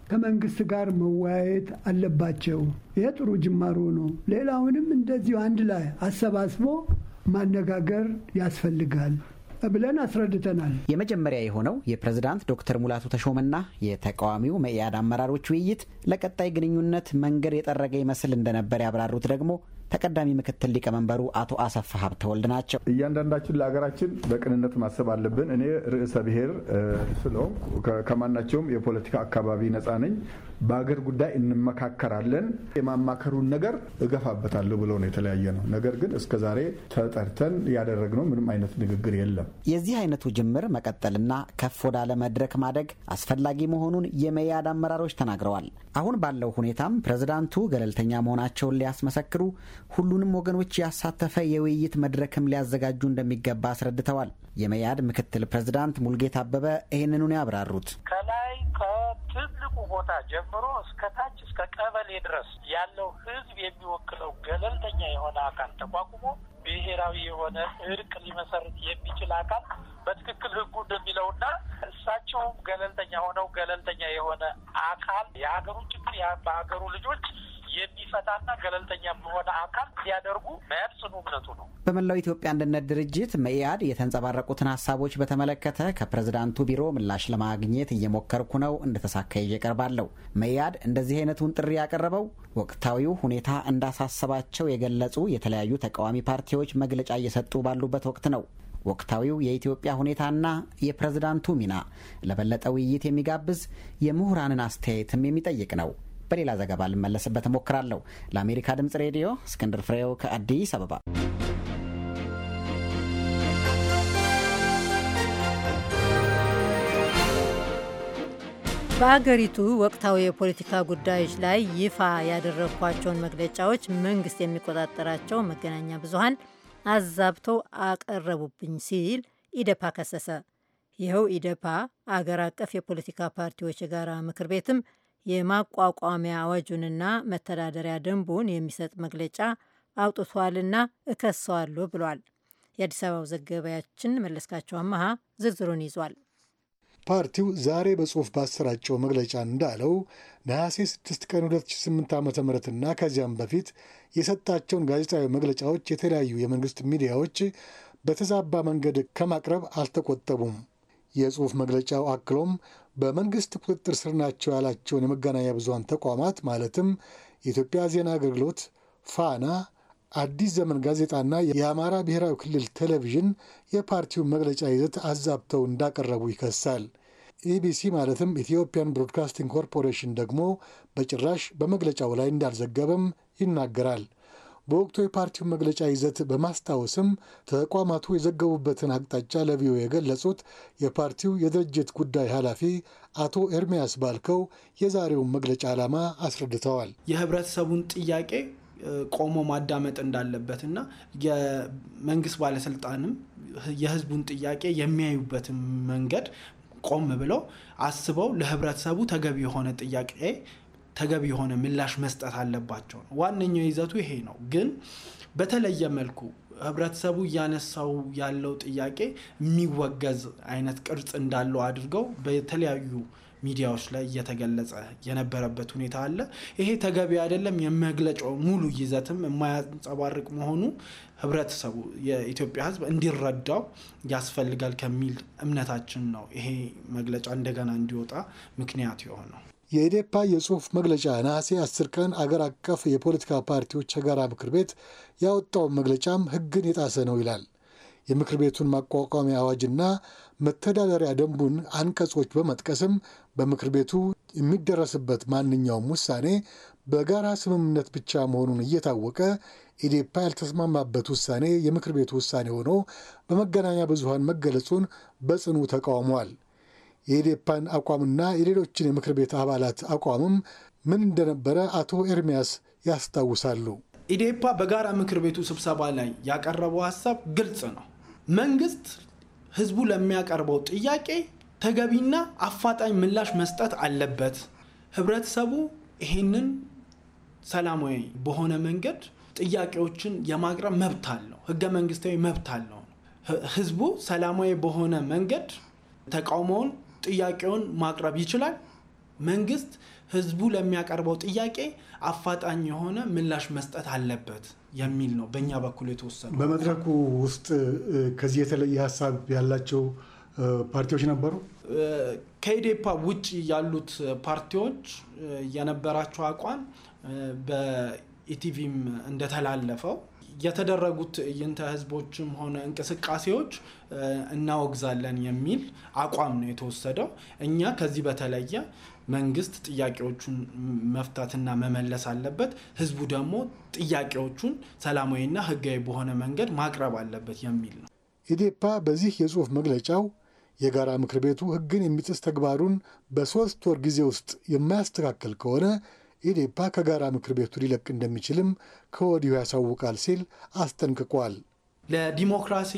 ከመንግስት ጋር መወያየት አለባቸው። ይሄ ጥሩ ጅማሮ ነው። ሌላውንም እንደዚሁ አንድ ላይ አሰባስቦ ማነጋገር ያስፈልጋል። ብለን አስረድተናል። የመጀመሪያ የሆነው የፕሬዝዳንት ዶክተር ሙላቱ ተሾመና የተቃዋሚው መኢአድ አመራሮች ውይይት ለቀጣይ ግንኙነት መንገድ የጠረገ ይመስል እንደነበር ያብራሩት ደግሞ ተቀዳሚ ምክትል ሊቀመንበሩ አቶ አሰፋ ሀብተወልድ ናቸው። እያንዳንዳችን ለሀገራችን በቅንነት ማሰብ አለብን። እኔ ርዕሰ ብሔር ስለሆንኩ ከማናቸውም የፖለቲካ አካባቢ ነፃ ነኝ። በአገር ጉዳይ እንመካከራለን፣ የማማከሩን ነገር እገፋበታለሁ ብለው ነው የተለያየ ነው። ነገር ግን እስከዛሬ ተጠርተን ያደረግነው ምንም አይነት ንግግር የለም። የዚህ አይነቱ ጅምር መቀጠልና ከፍ ወዳለ መድረክ ማደግ አስፈላጊ መሆኑን የመያድ አመራሮች ተናግረዋል። አሁን ባለው ሁኔታም ፕሬዝዳንቱ ገለልተኛ መሆናቸውን ሊያስመሰክሩ ሁሉንም ወገኖች ያሳተፈ የውይይት መድረክም ሊያዘጋጁ እንደሚገባ አስረድተዋል። የመያድ ምክትል ፕሬዝዳንት ሙልጌት አበበ ይህንኑን ያብራሩት ከላይ ከትልቁ ቦታ ጀምሮ እስከ ታች እስከ ቀበሌ ድረስ ያለው ህዝብ የሚወክለው ገለልተኛ የሆነ አካል ተቋቁሞ ብሔራዊ የሆነ እርቅ ሊመሰርት የሚችል አካል በትክክል ህጉ እንደሚለውና እሳቸውም ገለልተኛ ሆነው ገለልተኛ የሆነ አካል የሀገሩን ችግር በሀገሩ ልጆች የሚፈታና ገለልተኛ በሆነ አካል ሲያደርጉ መያድ ጽኑ እምነቱ ነው። በመላው ኢትዮጵያ አንድነት ድርጅት መኢአድ የተንጸባረቁትን ሀሳቦች በተመለከተ ከፕሬዝዳንቱ ቢሮ ምላሽ ለማግኘት እየሞከርኩ ነው። እንደተሳካ ይዤ እቀርባለሁ። መኢአድ እንደዚህ አይነቱን ጥሪ ያቀረበው ወቅታዊው ሁኔታ እንዳሳሰባቸው የገለጹ የተለያዩ ተቃዋሚ ፓርቲዎች መግለጫ እየሰጡ ባሉበት ወቅት ነው። ወቅታዊው የኢትዮጵያ ሁኔታና የፕሬዝዳንቱ ሚና ለበለጠ ውይይት የሚጋብዝ የምሁራንን አስተያየትም የሚጠይቅ ነው። በሌላ ዘገባ ልመለስበት እሞክራለሁ። ለአሜሪካ ድምጽ ሬዲዮ እስክንድር ፍሬው ከአዲስ አበባ። በአገሪቱ ወቅታዊ የፖለቲካ ጉዳዮች ላይ ይፋ ያደረግኳቸውን መግለጫዎች መንግስት የሚቆጣጠራቸው መገናኛ ብዙሀን አዛብተው አቀረቡብኝ ሲል ኢደፓ ከሰሰ። ይኸው ኢደፓ አገር አቀፍ የፖለቲካ ፓርቲዎች የጋራ ምክር ቤትም የማቋቋሚያ አዋጁንና መተዳደሪያ ደንቡን የሚሰጥ መግለጫ አውጥቷልና እከሰዋሉ ብሏል። የአዲስ አበባው ዘጋቢያችን መለስካቸው አመሃ ዝርዝሩን ይዟል። ፓርቲው ዛሬ በጽሁፍ ባሰራጨው መግለጫ እንዳለው ነሐሴ 6 ቀን 2008 ዓ ምና ከዚያም በፊት የሰጣቸውን ጋዜጣዊ መግለጫዎች የተለያዩ የመንግስት ሚዲያዎች በተዛባ መንገድ ከማቅረብ አልተቆጠቡም። የጽሁፍ መግለጫው አክሎም በመንግስት ቁጥጥር ስር ናቸው ያላቸውን የመገናኛ ብዙሀን ተቋማት ማለትም የኢትዮጵያ ዜና አገልግሎት፣ ፋና፣ አዲስ ዘመን ጋዜጣና የአማራ ብሔራዊ ክልል ቴሌቪዥን የፓርቲውን መግለጫ ይዘት አዛብተው እንዳቀረቡ ይከሳል። ኢቢሲ ማለትም ኢትዮጵያን ብሮድካስቲንግ ኮርፖሬሽን ደግሞ በጭራሽ በመግለጫው ላይ እንዳልዘገበም ይናገራል። በወቅቱ የፓርቲውን መግለጫ ይዘት በማስታወስም ተቋማቱ የዘገቡበትን አቅጣጫ ለቪኦኤ የገለጹት የፓርቲው የድርጅት ጉዳይ ኃላፊ አቶ ኤርሚያስ ባልከው የዛሬውን መግለጫ ዓላማ አስረድተዋል። የህብረተሰቡን ጥያቄ ቆሞ ማዳመጥ እንዳለበት እና የመንግስት ባለስልጣንም የህዝቡን ጥያቄ የሚያዩበትን መንገድ ቆም ብለው አስበው ለህብረተሰቡ ተገቢ የሆነ ጥያቄ ተገቢ የሆነ ምላሽ መስጠት አለባቸው ነው ዋነኛው ይዘቱ ይሄ ነው። ግን በተለየ መልኩ ህብረተሰቡ እያነሳው ያለው ጥያቄ የሚወገዝ አይነት ቅርጽ እንዳለው አድርገው በተለያዩ ሚዲያዎች ላይ እየተገለጸ የነበረበት ሁኔታ አለ። ይሄ ተገቢ አይደለም። የመግለጫው ሙሉ ይዘትም የማያንጸባርቅ መሆኑ ህብረተሰቡ፣ የኢትዮጵያ ህዝብ እንዲረዳው ያስፈልጋል ከሚል እምነታችን ነው ይሄ መግለጫ እንደገና እንዲወጣ ምክንያት የሆነው። የኢዴፓ የጽሁፍ መግለጫ ነሐሴ አስር ቀን አገር አቀፍ የፖለቲካ ፓርቲዎች የጋራ ምክር ቤት ያወጣውን መግለጫም ሕግን የጣሰ ነው ይላል። የምክር ቤቱን ማቋቋሚያ አዋጅና መተዳደሪያ ደንቡን አንቀጾች በመጥቀስም በምክር ቤቱ የሚደረስበት ማንኛውም ውሳኔ በጋራ ስምምነት ብቻ መሆኑን እየታወቀ ኢዴፓ ያልተስማማበት ውሳኔ የምክር ቤቱ ውሳኔ ሆኖ በመገናኛ ብዙሃን መገለጹን በጽኑ ተቃውሟል። የኢዴፓን አቋምና የሌሎችን የምክር ቤት አባላት አቋምም ምን እንደነበረ አቶ ኤርሚያስ ያስታውሳሉ። ኢዴፓ በጋራ ምክር ቤቱ ስብሰባ ላይ ያቀረበው ሀሳብ ግልጽ ነው። መንግስት ህዝቡ ለሚያቀርበው ጥያቄ ተገቢና አፋጣኝ ምላሽ መስጠት አለበት። ህብረተሰቡ ይሄንን ሰላማዊ በሆነ መንገድ ጥያቄዎችን የማቅረብ መብት አለው፣ ህገ መንግስታዊ መብት አለው። ህዝቡ ሰላማዊ በሆነ መንገድ ተቃውሞውን ጥያቄውን ማቅረብ ይችላል። መንግስት ህዝቡ ለሚያቀርበው ጥያቄ አፋጣኝ የሆነ ምላሽ መስጠት አለበት የሚል ነው በእኛ በኩል የተወሰነ። በመድረኩ ውስጥ ከዚህ የተለየ ሀሳብ ያላቸው ፓርቲዎች ነበሩ? ከኢዴፓ ውጭ ያሉት ፓርቲዎች የነበራቸው አቋም በኢቲቪም እንደተላለፈው የተደረጉት ትዕይንተ ህዝቦችም ሆነ እንቅስቃሴዎች እናወግዛለን የሚል አቋም ነው የተወሰደው። እኛ ከዚህ በተለየ መንግስት ጥያቄዎቹን መፍታትና መመለስ አለበት፣ ህዝቡ ደግሞ ጥያቄዎቹን ሰላማዊና ህጋዊ በሆነ መንገድ ማቅረብ አለበት የሚል ነው። ኢዴፓ በዚህ የጽሁፍ መግለጫው የጋራ ምክር ቤቱ ህግን የሚጥስ ተግባሩን በሶስት ወር ጊዜ ውስጥ የማያስተካከል ከሆነ ኢዴፓ ከጋራ ምክር ቤቱ ሊለቅ እንደሚችልም ከወዲሁ ያሳውቃል ሲል አስጠንቅቋል። ለዲሞክራሲ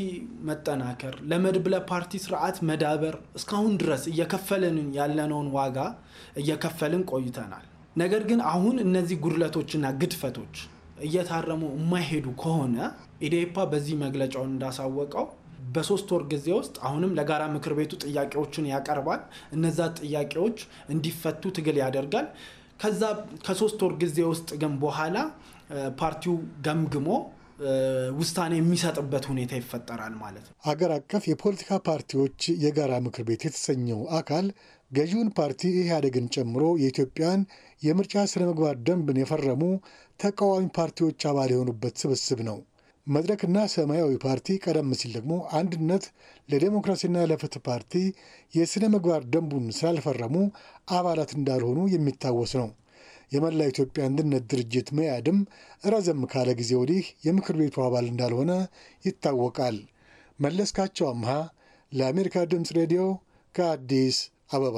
መጠናከር፣ ለመድብለ ፓርቲ ስርዓት መዳበር እስካሁን ድረስ እየከፈልን ያለነውን ዋጋ እየከፈልን ቆይተናል። ነገር ግን አሁን እነዚህ ጉድለቶችና ግድፈቶች እየታረሙ የማይሄዱ ከሆነ ኢዴፓ በዚህ መግለጫውን እንዳሳወቀው በሶስት ወር ጊዜ ውስጥ አሁንም ለጋራ ምክር ቤቱ ጥያቄዎችን ያቀርባል። እነዛ ጥያቄዎች እንዲፈቱ ትግል ያደርጋል። ከዛ ከሶስት ወር ጊዜ ውስጥ ግን በኋላ ፓርቲው ገምግሞ ውሳኔ የሚሰጥበት ሁኔታ ይፈጠራል ማለት ነው። አገር አቀፍ የፖለቲካ ፓርቲዎች የጋራ ምክር ቤት የተሰኘው አካል ገዢውን ፓርቲ ኢህአዴግን ጨምሮ የኢትዮጵያን የምርጫ ስነ ምግባር ደንብን የፈረሙ ተቃዋሚ ፓርቲዎች አባል የሆኑበት ስብስብ ነው። መድረክና ሰማያዊ ፓርቲ ቀደም ሲል ደግሞ አንድነት ለዴሞክራሲና ለፍትህ ፓርቲ የሥነ ምግባር ደንቡን ስላልፈረሙ አባላት እንዳልሆኑ የሚታወስ ነው። የመላ ኢትዮጵያ አንድነት ድርጅት መያድም ረዘም ካለ ጊዜ ወዲህ የምክር ቤቱ አባል እንዳልሆነ ይታወቃል። መለስካቸው አምሃ ለአሜሪካ ድምፅ ሬዲዮ ከአዲስ አበባ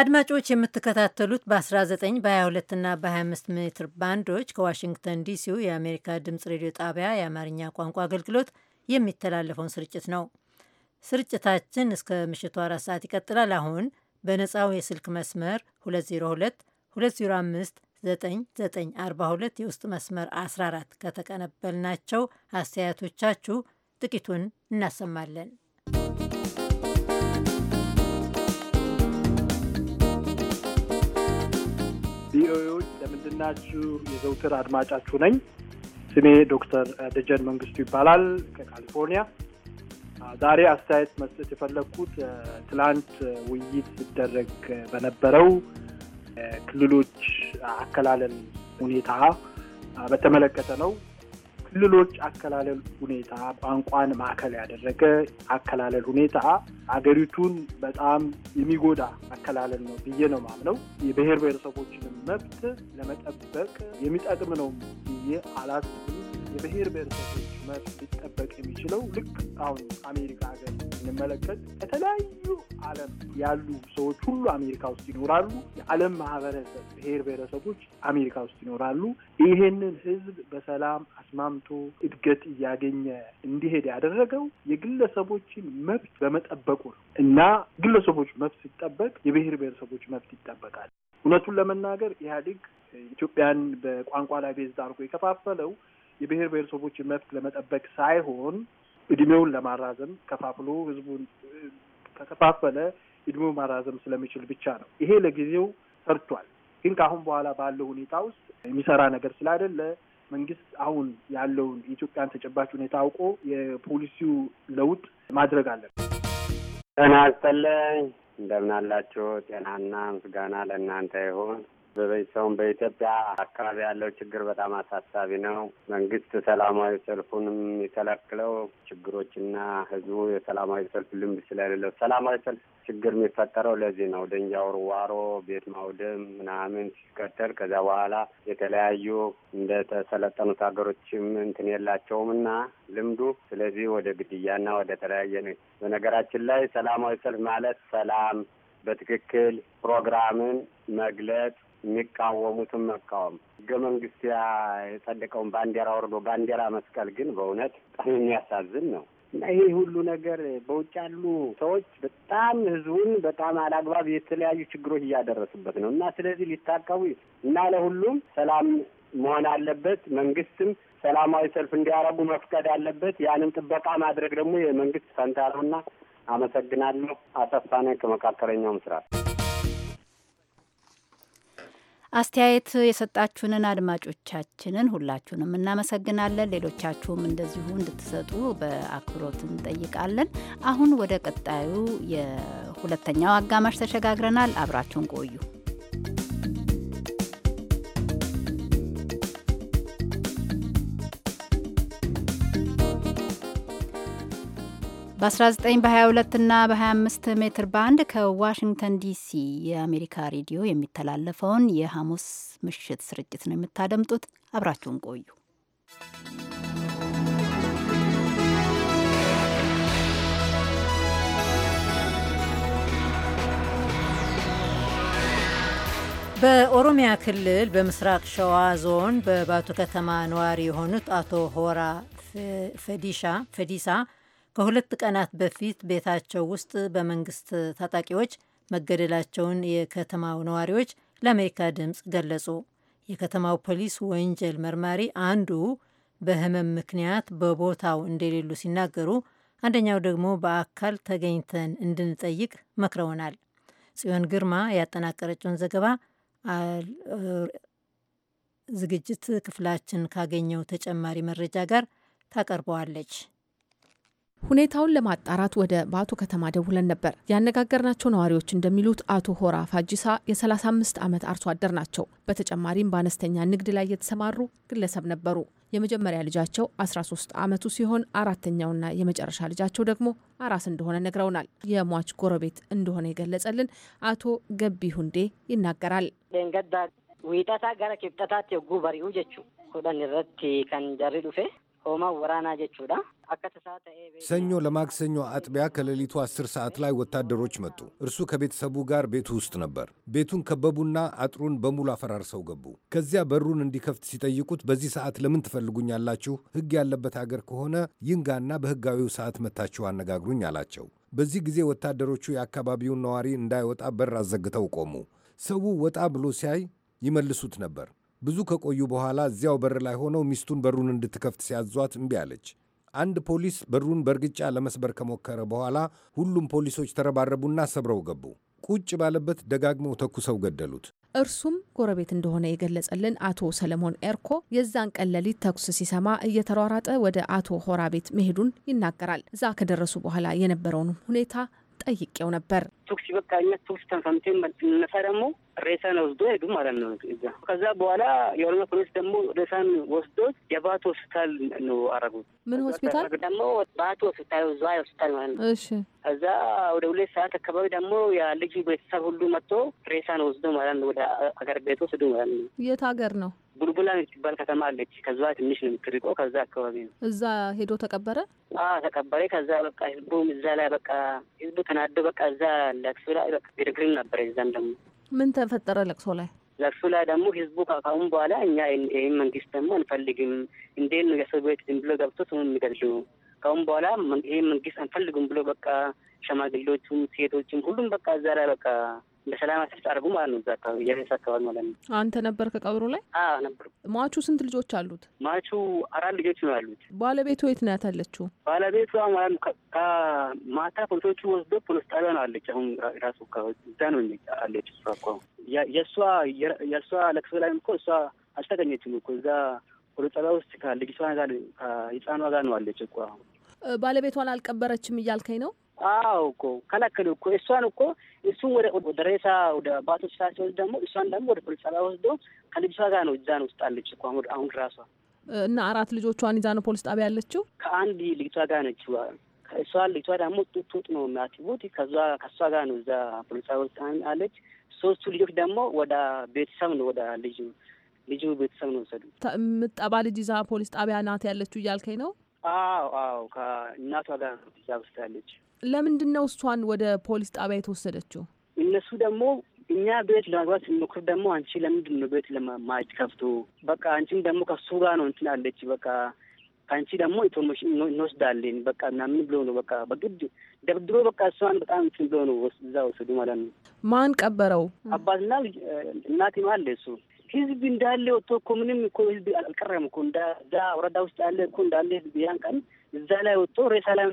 አድማጮች የምትከታተሉት በ19 በ22 ና በ25 ሜትር ባንዶች ከዋሽንግተን ዲሲው የአሜሪካ ድምፅ ሬዲዮ ጣቢያ የአማርኛ ቋንቋ አገልግሎት የሚተላለፈውን ስርጭት ነው። ስርጭታችን እስከ ምሽቱ አራት ሰዓት ይቀጥላል። አሁን በነፃው የስልክ መስመር 202 205 9942 የውስጥ መስመር 14 ከተቀነበልናቸው አስተያየቶቻችሁ ጥቂቱን እናሰማለን። ቪኦኤዎች ለምንድናችሁ የዘውትር አድማጫችሁ ነኝ። ስሜ ዶክተር ደጀን መንግስቱ ይባላል ከካሊፎርኒያ። ዛሬ አስተያየት መስጠት የፈለግኩት ትላንት ውይይት ሲደረግ በነበረው ክልሎች አከላለል ሁኔታ በተመለከተ ነው። የክልሎች አከላለል ሁኔታ ቋንቋን ማዕከል ያደረገ አከላለል ሁኔታ አገሪቱን በጣም የሚጎዳ አከላለል ነው ብዬ ነው ማምነው። የብሔር ብሔረሰቦችንም መብት ለመጠበቅ የሚጠቅም ነው ብዬ አላስብም። የብሔር ብሔረሰቦች መብት ሊጠበቅ የሚችለው ልክ አሁን አሜሪካ ሀገር እንመለከት ከተለያዩ ዓለም ያሉ ሰዎች ሁሉ አሜሪካ ውስጥ ይኖራሉ። የዓለም ማህበረሰብ ብሔር ብሔረሰቦች አሜሪካ ውስጥ ይኖራሉ። ይሄንን ህዝብ በሰላም አስማምቶ እድገት እያገኘ እንዲሄድ ያደረገው የግለሰቦችን መብት በመጠበቁ ነው እና ግለሰቦች መብት ሲጠበቅ የብሔር ብሔረሰቦች መብት ይጠበቃል። እውነቱን ለመናገር ኢህአዴግ ኢትዮጵያን በቋንቋ ላይ ቤዝ አድርጎ የከፋፈለው የብሔር ብሔረሰቦች መብት ለመጠበቅ ሳይሆን እድሜውን ለማራዘም ከፋፍሎ ህዝቡን ከተፋፈለ እድሜው ማራዘም ስለሚችል ብቻ ነው። ይሄ ለጊዜው ሰርቷል። ግን ከአሁን በኋላ ባለው ሁኔታ ውስጥ የሚሰራ ነገር ስላደለ መንግስት አሁን ያለውን የኢትዮጵያን ተጨባጭ ሁኔታ አውቆ የፖሊሲው ለውጥ ማድረግ አለን። ጤና ይስጥልኝ። እንደምን አላችሁ? ጤናና ምስጋና ለእናንተ ይሁን። በበይሰውን በኢትዮጵያ አካባቢ ያለው ችግር በጣም አሳሳቢ ነው። መንግስት ሰላማዊ ሰልፉንም የከለክለው ችግሮችና ህዝቡ የሰላማዊ ሰልፍ ልምድ ስለሌለው ሰላማዊ ሰልፍ ችግር የሚፈጠረው ለዚህ ነው። ደንጃ ውርዋሮ፣ ቤት ማውደም ምናምን ሲከተል ከዚያ በኋላ የተለያዩ እንደተሰለጠኑት ሀገሮችም እንትን የላቸውም እና ልምዱ ስለዚህ ወደ ግድያና ወደ ተለያየ ነው። በነገራችን ላይ ሰላማዊ ሰልፍ ማለት ሰላም በትክክል ፕሮግራምን መግለጽ የሚቃወሙትን መቃወም ህገ መንግስት የጸደቀውን ባንዲራ ወርዶ ባንዲራ መስቀል ግን በእውነት በጣም የሚያሳዝን ነው እና ይሄ ሁሉ ነገር በውጭ ያሉ ሰዎች በጣም ህዝቡን በጣም አላግባብ የተለያዩ ችግሮች እያደረሱበት ነው እና ስለዚህ ሊታቀቡ እና ለሁሉም ሰላም መሆን አለበት። መንግስትም ሰላማዊ ሰልፍ እንዲያረጉ መፍቀድ አለበት። ያንን ጥበቃ ማድረግ ደግሞ የመንግስት ፈንታ ነው እና አመሰግናለሁ። አሰፋ ነኝ ከመካከለኛው ምስራት። አስተያየት የሰጣችሁንን አድማጮቻችንን ሁላችሁንም እናመሰግናለን። ሌሎቻችሁም እንደዚሁ እንድትሰጡ በአክብሮት እንጠይቃለን። አሁን ወደ ቀጣዩ የሁለተኛው አጋማሽ ተሸጋግረናል። አብራችሁን ቆዩ። በ19 በ22 እና በ25 ሜትር ባንድ ከዋሽንግተን ዲሲ የአሜሪካ ሬዲዮ የሚተላለፈውን የሐሙስ ምሽት ስርጭት ነው የምታደምጡት። አብራችሁን ቆዩ። በኦሮሚያ ክልል በምስራቅ ሸዋ ዞን በባቱ ከተማ ነዋሪ የሆኑት አቶ ሆራ ፈዲሳ ከሁለት ቀናት በፊት ቤታቸው ውስጥ በመንግስት ታጣቂዎች መገደላቸውን የከተማው ነዋሪዎች ለአሜሪካ ድምፅ ገለጹ። የከተማው ፖሊስ ወንጀል መርማሪ አንዱ በህመም ምክንያት በቦታው እንደሌሉ ሲናገሩ፣ አንደኛው ደግሞ በአካል ተገኝተን እንድንጠይቅ መክረውናል። ጽዮን ግርማ ያጠናቀረችውን ዘገባ ዝግጅት ክፍላችን ካገኘው ተጨማሪ መረጃ ጋር ታቀርበዋለች። ሁኔታውን ለማጣራት ወደ ባቶ ከተማ ደውለን ነበር። ያነጋገርናቸው ነዋሪዎች እንደሚሉት አቶ ሆራ ፋጂሳ የ35 ዓመት አርሶ አደር ናቸው። በተጨማሪም በአነስተኛ ንግድ ላይ የተሰማሩ ግለሰብ ነበሩ። የመጀመሪያ ልጃቸው 13 ዓመቱ ሲሆን አራተኛውና የመጨረሻ ልጃቸው ደግሞ አራስ እንደሆነ ነግረውናል። የሟች ጎረቤት እንደሆነ የገለጸልን አቶ ገቢ ሁንዴ ይናገራል። ዊጠታ ገረ ኬብጠታቴ ጀቹ ረቲ ዱፌ ሆማ ወራና ጀቹዳ ሰኞ ለማክሰኞ አጥቢያ ከሌሊቱ አስር ሰዓት ላይ ወታደሮች መጡ። እርሱ ከቤተሰቡ ጋር ቤቱ ውስጥ ነበር። ቤቱን ከበቡና አጥሩን በሙሉ አፈራርሰው ገቡ። ከዚያ በሩን እንዲከፍት ሲጠይቁት በዚህ ሰዓት ለምን ትፈልጉኛላችሁ? ሕግ ያለበት አገር ከሆነ ይንጋና በሕጋዊው ሰዓት መታችሁ አነጋግሩኝ አላቸው። በዚህ ጊዜ ወታደሮቹ የአካባቢውን ነዋሪ እንዳይወጣ በር አዘግተው ቆሙ። ሰው ወጣ ብሎ ሲያይ ይመልሱት ነበር። ብዙ ከቆዩ በኋላ እዚያው በር ላይ ሆነው ሚስቱን በሩን እንድትከፍት ሲያዟት እምቢ አለች። አንድ ፖሊስ በሩን በእርግጫ ለመስበር ከሞከረ በኋላ ሁሉም ፖሊሶች ተረባረቡና ሰብረው ገቡ። ቁጭ ባለበት ደጋግመው ተኩሰው ገደሉት። እርሱም ጎረቤት እንደሆነ የገለጸልን አቶ ሰለሞን ኤርኮ የዛን ቀን ሌሊት ተኩስ ሲሰማ እየተሯራጠ ወደ አቶ ሆራ ቤት መሄዱን ይናገራል። እዛ ከደረሱ በኋላ የነበረውን ሁኔታ ጠይቄው ነበር። ተኩስ በቃ ተኩስ ተንሰምቴ ስነሳ ሬሳን ወስዶ ሄዱ ማለት ነው እዛ። ከዛ በኋላ የኦሮሚያ ፖሊስ ደግሞ ሬሳን ወስዶት የባቱ ሆስፒታል ነው አረጉት። ምን ሆስፒታል ደግሞ ባቱ ሆስፒታል ዛ ሆስፒታል ማለት ነው። እሺ ከዛ ወደ ሁለት ሰዓት አካባቢ ደግሞ የልጅ ቤተሰብ ሁሉ መጥቶ ሬሳን ወስዶ ማለት ነው ወደ ሀገር ቤት ወስዶ ማለት ነው። የት ሀገር ነው? ቡልቡላ የምትባል ከተማ አለች። ከዛ ትንሽ ነው የምትርቆ ከዛ አካባቢ ነው። እዛ ሄዶ ተቀበረ ተቀበረ። ከዛ በቃ ህዝቡ እዛ ላይ በቃ ህዝቡ ተናዶ በቃ እዛ ለክስላ ግርግርም ነበረ። እዛም ደግሞ ምን ተፈጠረ? ለቅሶ ላይ ለቅሶ ላይ ደግሞ ህዝቡ ከአሁን በኋላ እኛ ይህን መንግስት ደግሞ አንፈልግም፣ እንዴት ነው የሰው ቤት ዝም ብሎ ገብቶ ሰው የሚገድሉ? ከአሁን በኋላ ይህን መንግስት አንፈልግም ብሎ በቃ ሸማግሌዎቹም ሴቶችም ሁሉም በቃ እዛ ላይ በቃ በሰላማት ፊት አድርጉ ማለት ነው። እዛ አካባቢ የሬሳ አካባቢ ማለት ነው። አንተ ነበር ከቀብሩ ላይ? አዎ ነበሩ። ሟቹ ስንት ልጆች አሉት? ሟቹ አራት ልጆች ነው ያሉት። ባለቤቱ የት ነው ያታለችው? ባለቤቱ ከማታ ፖሊሶቹ ወስዶ ፖሊስ ጣቢያ ነው አለች። አሁን ራሱ እዛ ነው አለች። እሷ እኮ የእሷ የእሷ ለቅሶ ላይ እኮ እሷ አልተገኘችም እኮ እዛ ፖሊስ ጣቢያ ውስጥ ከልጅቷ ጋር ከህፃኗ ጋር ነው አለች እኮ። አሁን ባለቤቷን አልቀበረችም እያልከኝ ነው? አዎ እኮ ከለከሉ እኮ እሷን እኮ እሱን ወደ ሬሳ ወደ አባቶች አባቶ ሲወስድ ደግሞ እሷን ደግሞ ወደ ፖሊስ ጣቢያ ወስዶ ከልጅቷ ጋር ነው እዛን ውስጥ አለች እኮ አሁን ራሷ እና አራት ልጆቿን ይዛ ነው ፖሊስ ጣቢያ ያለችው። ከአንድ ልጅቷ ጋር ነች። እሷ ልጅቷ ደግሞ ጡጡጥ ነው የሚያስቡት ከዛ ከእሷ ጋር ነው እዛ ፖሊስ ጣቢያ ውስጥ አለች። ሶስቱ ልጆች ደግሞ ወደ ቤተሰብ ነው ወደ ልጁ ልጁ ቤተሰብ ነው ወሰዱ። ምጠባ ልጅ ይዛ ፖሊስ ጣቢያ ናት ያለችው እያልከኝ ነው? አዎ አዎ፣ ከእናቷ ጋር ነው እዛ ውስጥ ያለች ለምንድን ነው እሷን ወደ ፖሊስ ጣቢያ የተወሰደችው? እነሱ ደግሞ እኛ ቤት ለማግባት ስንሞክር ደግሞ አንቺ ለምንድን ነው ቤት ለማጅ ከፍቶ በቃ አንቺም ደግሞ ከሱ ጋር ነው እንትን አለች በቃ ከአንቺ ደግሞ ኢንፎርሜሽን እንወስዳለን በቃ ምናምን ብሎ ነው በቃ በግድ ደብድሮ በቃ እሷን በጣም እንትን ብሎ ነው እዛ ወሰዱ ማለት ነው። ማን ቀበረው? አባትና ነው አለ እሱ ህዝብ እንዳለ ወጥቶ እኮ ምንም እኮ ህዝብ አልቀረም እኮ እዛ ወረዳ ውስጥ ያለ እኮ እንዳለ ህዝብ ያን ቀን እዛ ላይ ወጥቶ ሬሳ ላይ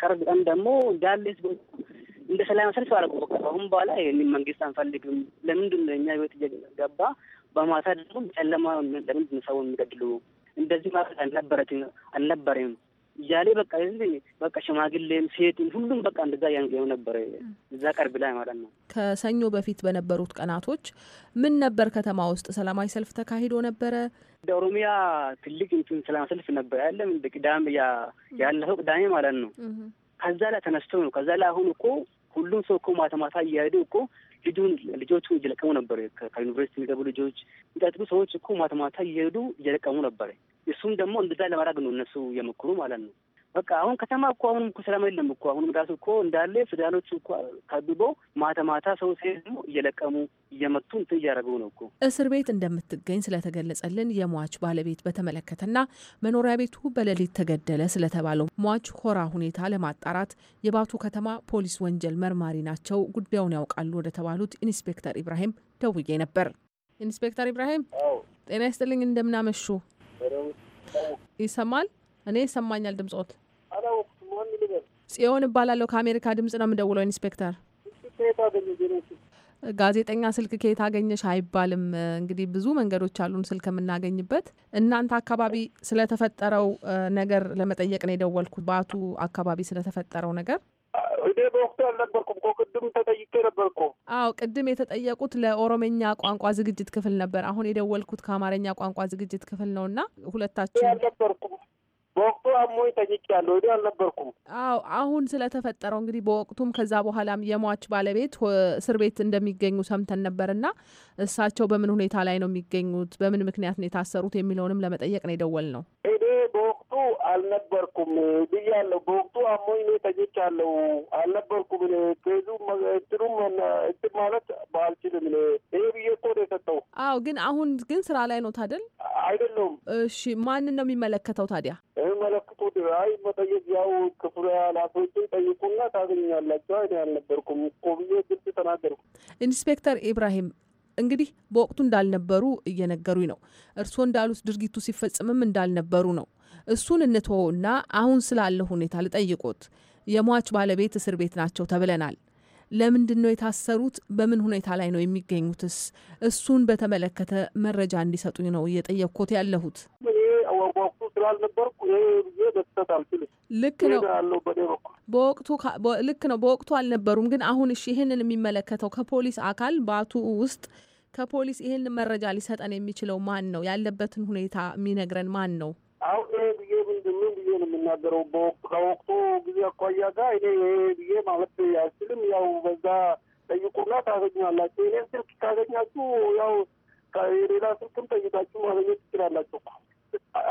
ቀርብ ቀን ደግሞ ዳሌስ እንደ ሰላም ሰልፍ አደረጉ። አሁን በኋላ ይህንን መንግስት አንፈልግም፣ ለምንድን ነው እኛ ቤት ገባ በማታ ደግሞ ጨለማ ለምንድን ሰው የሚገድሉ? እንደዚህ ማለት አልነበረትም አልነበረም እያሌ በቃ ህዝብ በቃ ሽማግሌም ሴትም ሁሉም በቃ እንደዛ ያንገ ነበረ እዛ ቀርብ ላይ ማለት ነው። ከሰኞ በፊት በነበሩት ቀናቶች ምን ነበር ከተማ ውስጥ ሰላማዊ ሰልፍ ተካሂዶ ነበረ። እንደ ኦሮሚያ ትልቅ እንትን ሰላማዊ ሰልፍ ነበር ያለም እንደ ቅዳሜ ያለፈው ቅዳሜ ማለት ነው። ከዛ ላይ ተነስቶ ነው ከዛ ላይ አሁን እኮ ሁሉም ሰው እኮ ማታ ማታ እያሄዱ እኮ ልጁን ልጆቹ እየለቀሙ ነበር። ከዩኒቨርሲቲ የሚገቡ ልጆች የሚጠጥቡ ሰዎች እኮ ማታ ማታ እየሄዱ እየለቀሙ ነበር። እሱም ደግሞ እንደዛ ለማድረግ ነው እነሱ የምክሩ ማለት ነው። በቃ አሁን ከተማ እኮ አሁንም እኮ ሰላም የለም እኮ አሁንም ራሱ እኮ እንዳለ ሱዳኖች እኮ ከብቦ ማታ ማታ ሰው ሲሄዱ እየለቀሙ እየመቱ እንትን እያደረጉ ነው እኮ። እስር ቤት እንደምትገኝ ስለተገለጸልን የሟች ባለቤት በተመለከተና መኖሪያ ቤቱ በሌሊት ተገደለ ስለተባለው ሟች ሆራ ሁኔታ ለማጣራት የባቱ ከተማ ፖሊስ ወንጀል መርማሪ ናቸው ጉዳዩን ያውቃሉ ወደ ተባሉት ኢንስፔክተር ኢብራሂም ደውዬ ነበር። ኢንስፔክተር ኢብራሂም ጤና ይስጥልኝ፣ እንደምናመሹ ይሰማል? እኔ ይሰማኛል ድምጾት። ጽዮን እባላለሁ ከአሜሪካ ድምጽ ነው የምደውለው። ኢንስፔክተር ጋዜጠኛ ስልክ ከየት አገኘሽ አይባልም። እንግዲህ ብዙ መንገዶች አሉን ስልክ የምናገኝበት። እናንተ አካባቢ ስለተፈጠረው ነገር ለመጠየቅ ነው የደወልኩት፣ በአቱ አካባቢ ስለተፈጠረው ነገር እኔ በወቅቱ አልነበርኩም እኮ ቅድም ተጠይቄ ነበርኩ። አዎ ቅድም የተጠየቁት ለኦሮምኛ ቋንቋ ዝግጅት ክፍል ነበር። አሁን የደወልኩት ከአማርኛ ቋንቋ ዝግጅት ክፍል ነው እና ሁለታችሁ አልነበርኩም በወቅቱ አሞኝ ተኝቻለሁ። ወዲያው አልነበርኩም። አዎ አሁን ስለተፈጠረው እንግዲህ በወቅቱም ከዛ በኋላም የሟች ባለቤት እስር ቤት እንደሚገኙ ሰምተን ነበርና እሳቸው በምን ሁኔታ ላይ ነው የሚገኙት፣ በምን ምክንያት ነው የታሰሩት የሚለውንም ለመጠየቅ ነው የደወል ነው። እኔ በወቅቱ አልነበርኩም ብያለሁ። በወቅቱ አሞኝ ነው ተኝቻለሁ፣ አልነበርኩም። ከዙ እንትኑም እንትን ማለት ባልችልም ይሄ ብዬ እኮ ነው የሰጠው። አዎ ግን አሁን ግን ስራ ላይ ነው ታደል አይደለውም። እሺ ማንን ነው የሚመለከተው ታዲያ? መለክቱ አይ መጠየቅ ያው ክፍሉ ኃላፊዎችን ጠይቁና ታገኛላቸው። አይ አልነበርኩም እኮ ብዬ ግልጽ ተናገርኩ። ኢንስፔክተር ኢብራሂም እንግዲህ በወቅቱ እንዳልነበሩ እየነገሩኝ ነው። እርስዎ እንዳሉት ድርጊቱ ሲፈጽምም እንዳልነበሩ ነው። እሱን እንትወውና አሁን ስላለው ሁኔታ ልጠይቆት። የሟች ባለቤት እስር ቤት ናቸው ተብለናል። ለምንድን ነው የታሰሩት? በምን ሁኔታ ላይ ነው የሚገኙትስ? እሱን በተመለከተ መረጃ እንዲሰጡኝ ነው እየጠየቅኩት ያለሁት። ወቅቱ ስላልነበርኩ ይሄ ብዬ መስጠት አልችልም። ልክ ነው ያለው በኔ በኩል በወቅቱ ልክ ነው። በወቅቱ አልነበሩም ግን አሁን እሺ፣ ይህንን የሚመለከተው ከፖሊስ አካል ባቱ ውስጥ ከፖሊስ ይህንን መረጃ ሊሰጠን የሚችለው ማን ነው? ያለበትን ሁኔታ የሚነግረን ማን ነው? አሁን ይሄ ብዬ ምንድን ምን ብዬ ነው የምናገረው? በወቅቱ ከወቅቱ ጊዜ አኳያ ጋር እኔ ይሄ ብዬ ማለት አልችልም። ያው በዛ ጠይቁና ታገኛላችሁ። እኔ ስልክ ካገኛችሁ ያው ሌላ ስልክም ጠይቃችሁ ማግኘት ትችላላችሁ።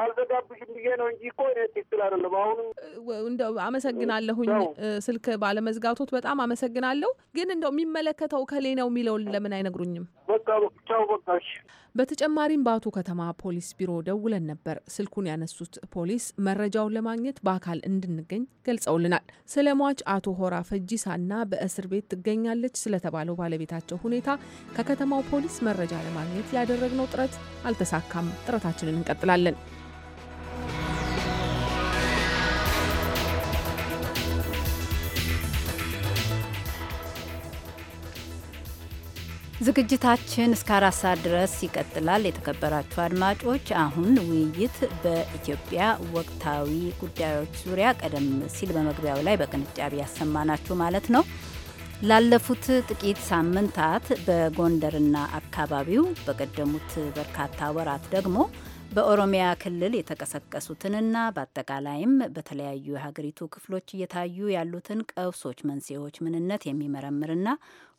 አልዘጋብሽም ብዬ ነው እንጂ እኮ እኔ ትክክል አይደለም። አሁንም እንደው አመሰግናለሁኝ ስልክ ባለመዝጋቶት በጣም አመሰግናለሁ። ግን እንደው የሚመለከተው ከሌ ነው የሚለውን ለምን አይነግሩኝም? በቃ ቻው፣ በቃ እሺ። በተጨማሪም በአቶ ከተማ ፖሊስ ቢሮ ደውለን ነበር። ስልኩን ያነሱት ፖሊስ መረጃውን ለማግኘት በአካል እንድንገኝ ገልጸውልናል። ስለ ሟች አቶ ሆራ ፈጂሳና በእስር ቤት ትገኛለች ስለተባለው ባለቤታቸው ሁኔታ ከከተማው ፖሊስ መረጃ ለማግኘት ያደረግነው ጥረት አልተሳካም። ጥረታችንን እንቀጥላለን። ዝግጅታችን እስከ አራት ሰዓት ድረስ ይቀጥላል። የተከበራችሁ አድማጮች፣ አሁን ውይይት በኢትዮጵያ ወቅታዊ ጉዳዮች ዙሪያ ቀደም ሲል በመግቢያው ላይ በቅንጫቢ ያሰማናችሁ ማለት ነው። ላለፉት ጥቂት ሳምንታት በጎንደርና አካባቢው በቀደሙት በርካታ ወራት ደግሞ በኦሮሚያ ክልል የተቀሰቀሱትንና በአጠቃላይም በተለያዩ የሀገሪቱ ክፍሎች እየታዩ ያሉትን ቀውሶች መንስኤዎች ምንነት የሚመረምርና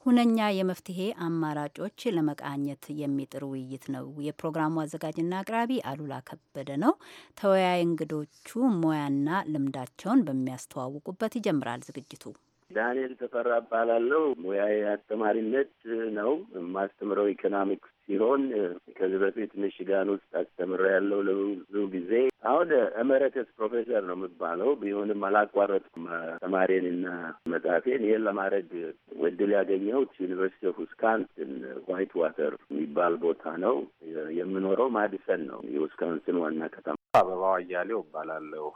ሁነኛ የመፍትሄ አማራጮች ለመቃኘት የሚጥር ውይይት ነው። የፕሮግራሙ አዘጋጅና አቅራቢ አሉላ ከበደ ነው። ተወያይ እንግዶቹ ሙያና ልምዳቸውን በሚያስተዋውቁበት ይጀምራል ዝግጅቱ። ዳንኤል ተፈራ እባላለሁ። ሙያዬ አስተማሪነት ነው። የማስተምረው ኢኮኖሚክስ ሲሆን ከዚህ በፊት ሚሽጋን ውስጥ አስተምሬ ያለው ለብዙ ጊዜ አሁን ኤሜሬተስ ፕሮፌሰር ነው የምባለው። ቢሆንም አላቋረጥኩም ተማሪንና መጽሐፌን። ይህን ለማድረግ እድል ያገኘሁት ዩኒቨርሲቲ ኦፍ ዊስካንስን ዋይት ዋተር የሚባል ቦታ ነው የምኖረው። ማዲሰን ነው የዊስካንስን ዋና ከተማ። አበባው አያሌው እባላለሁ።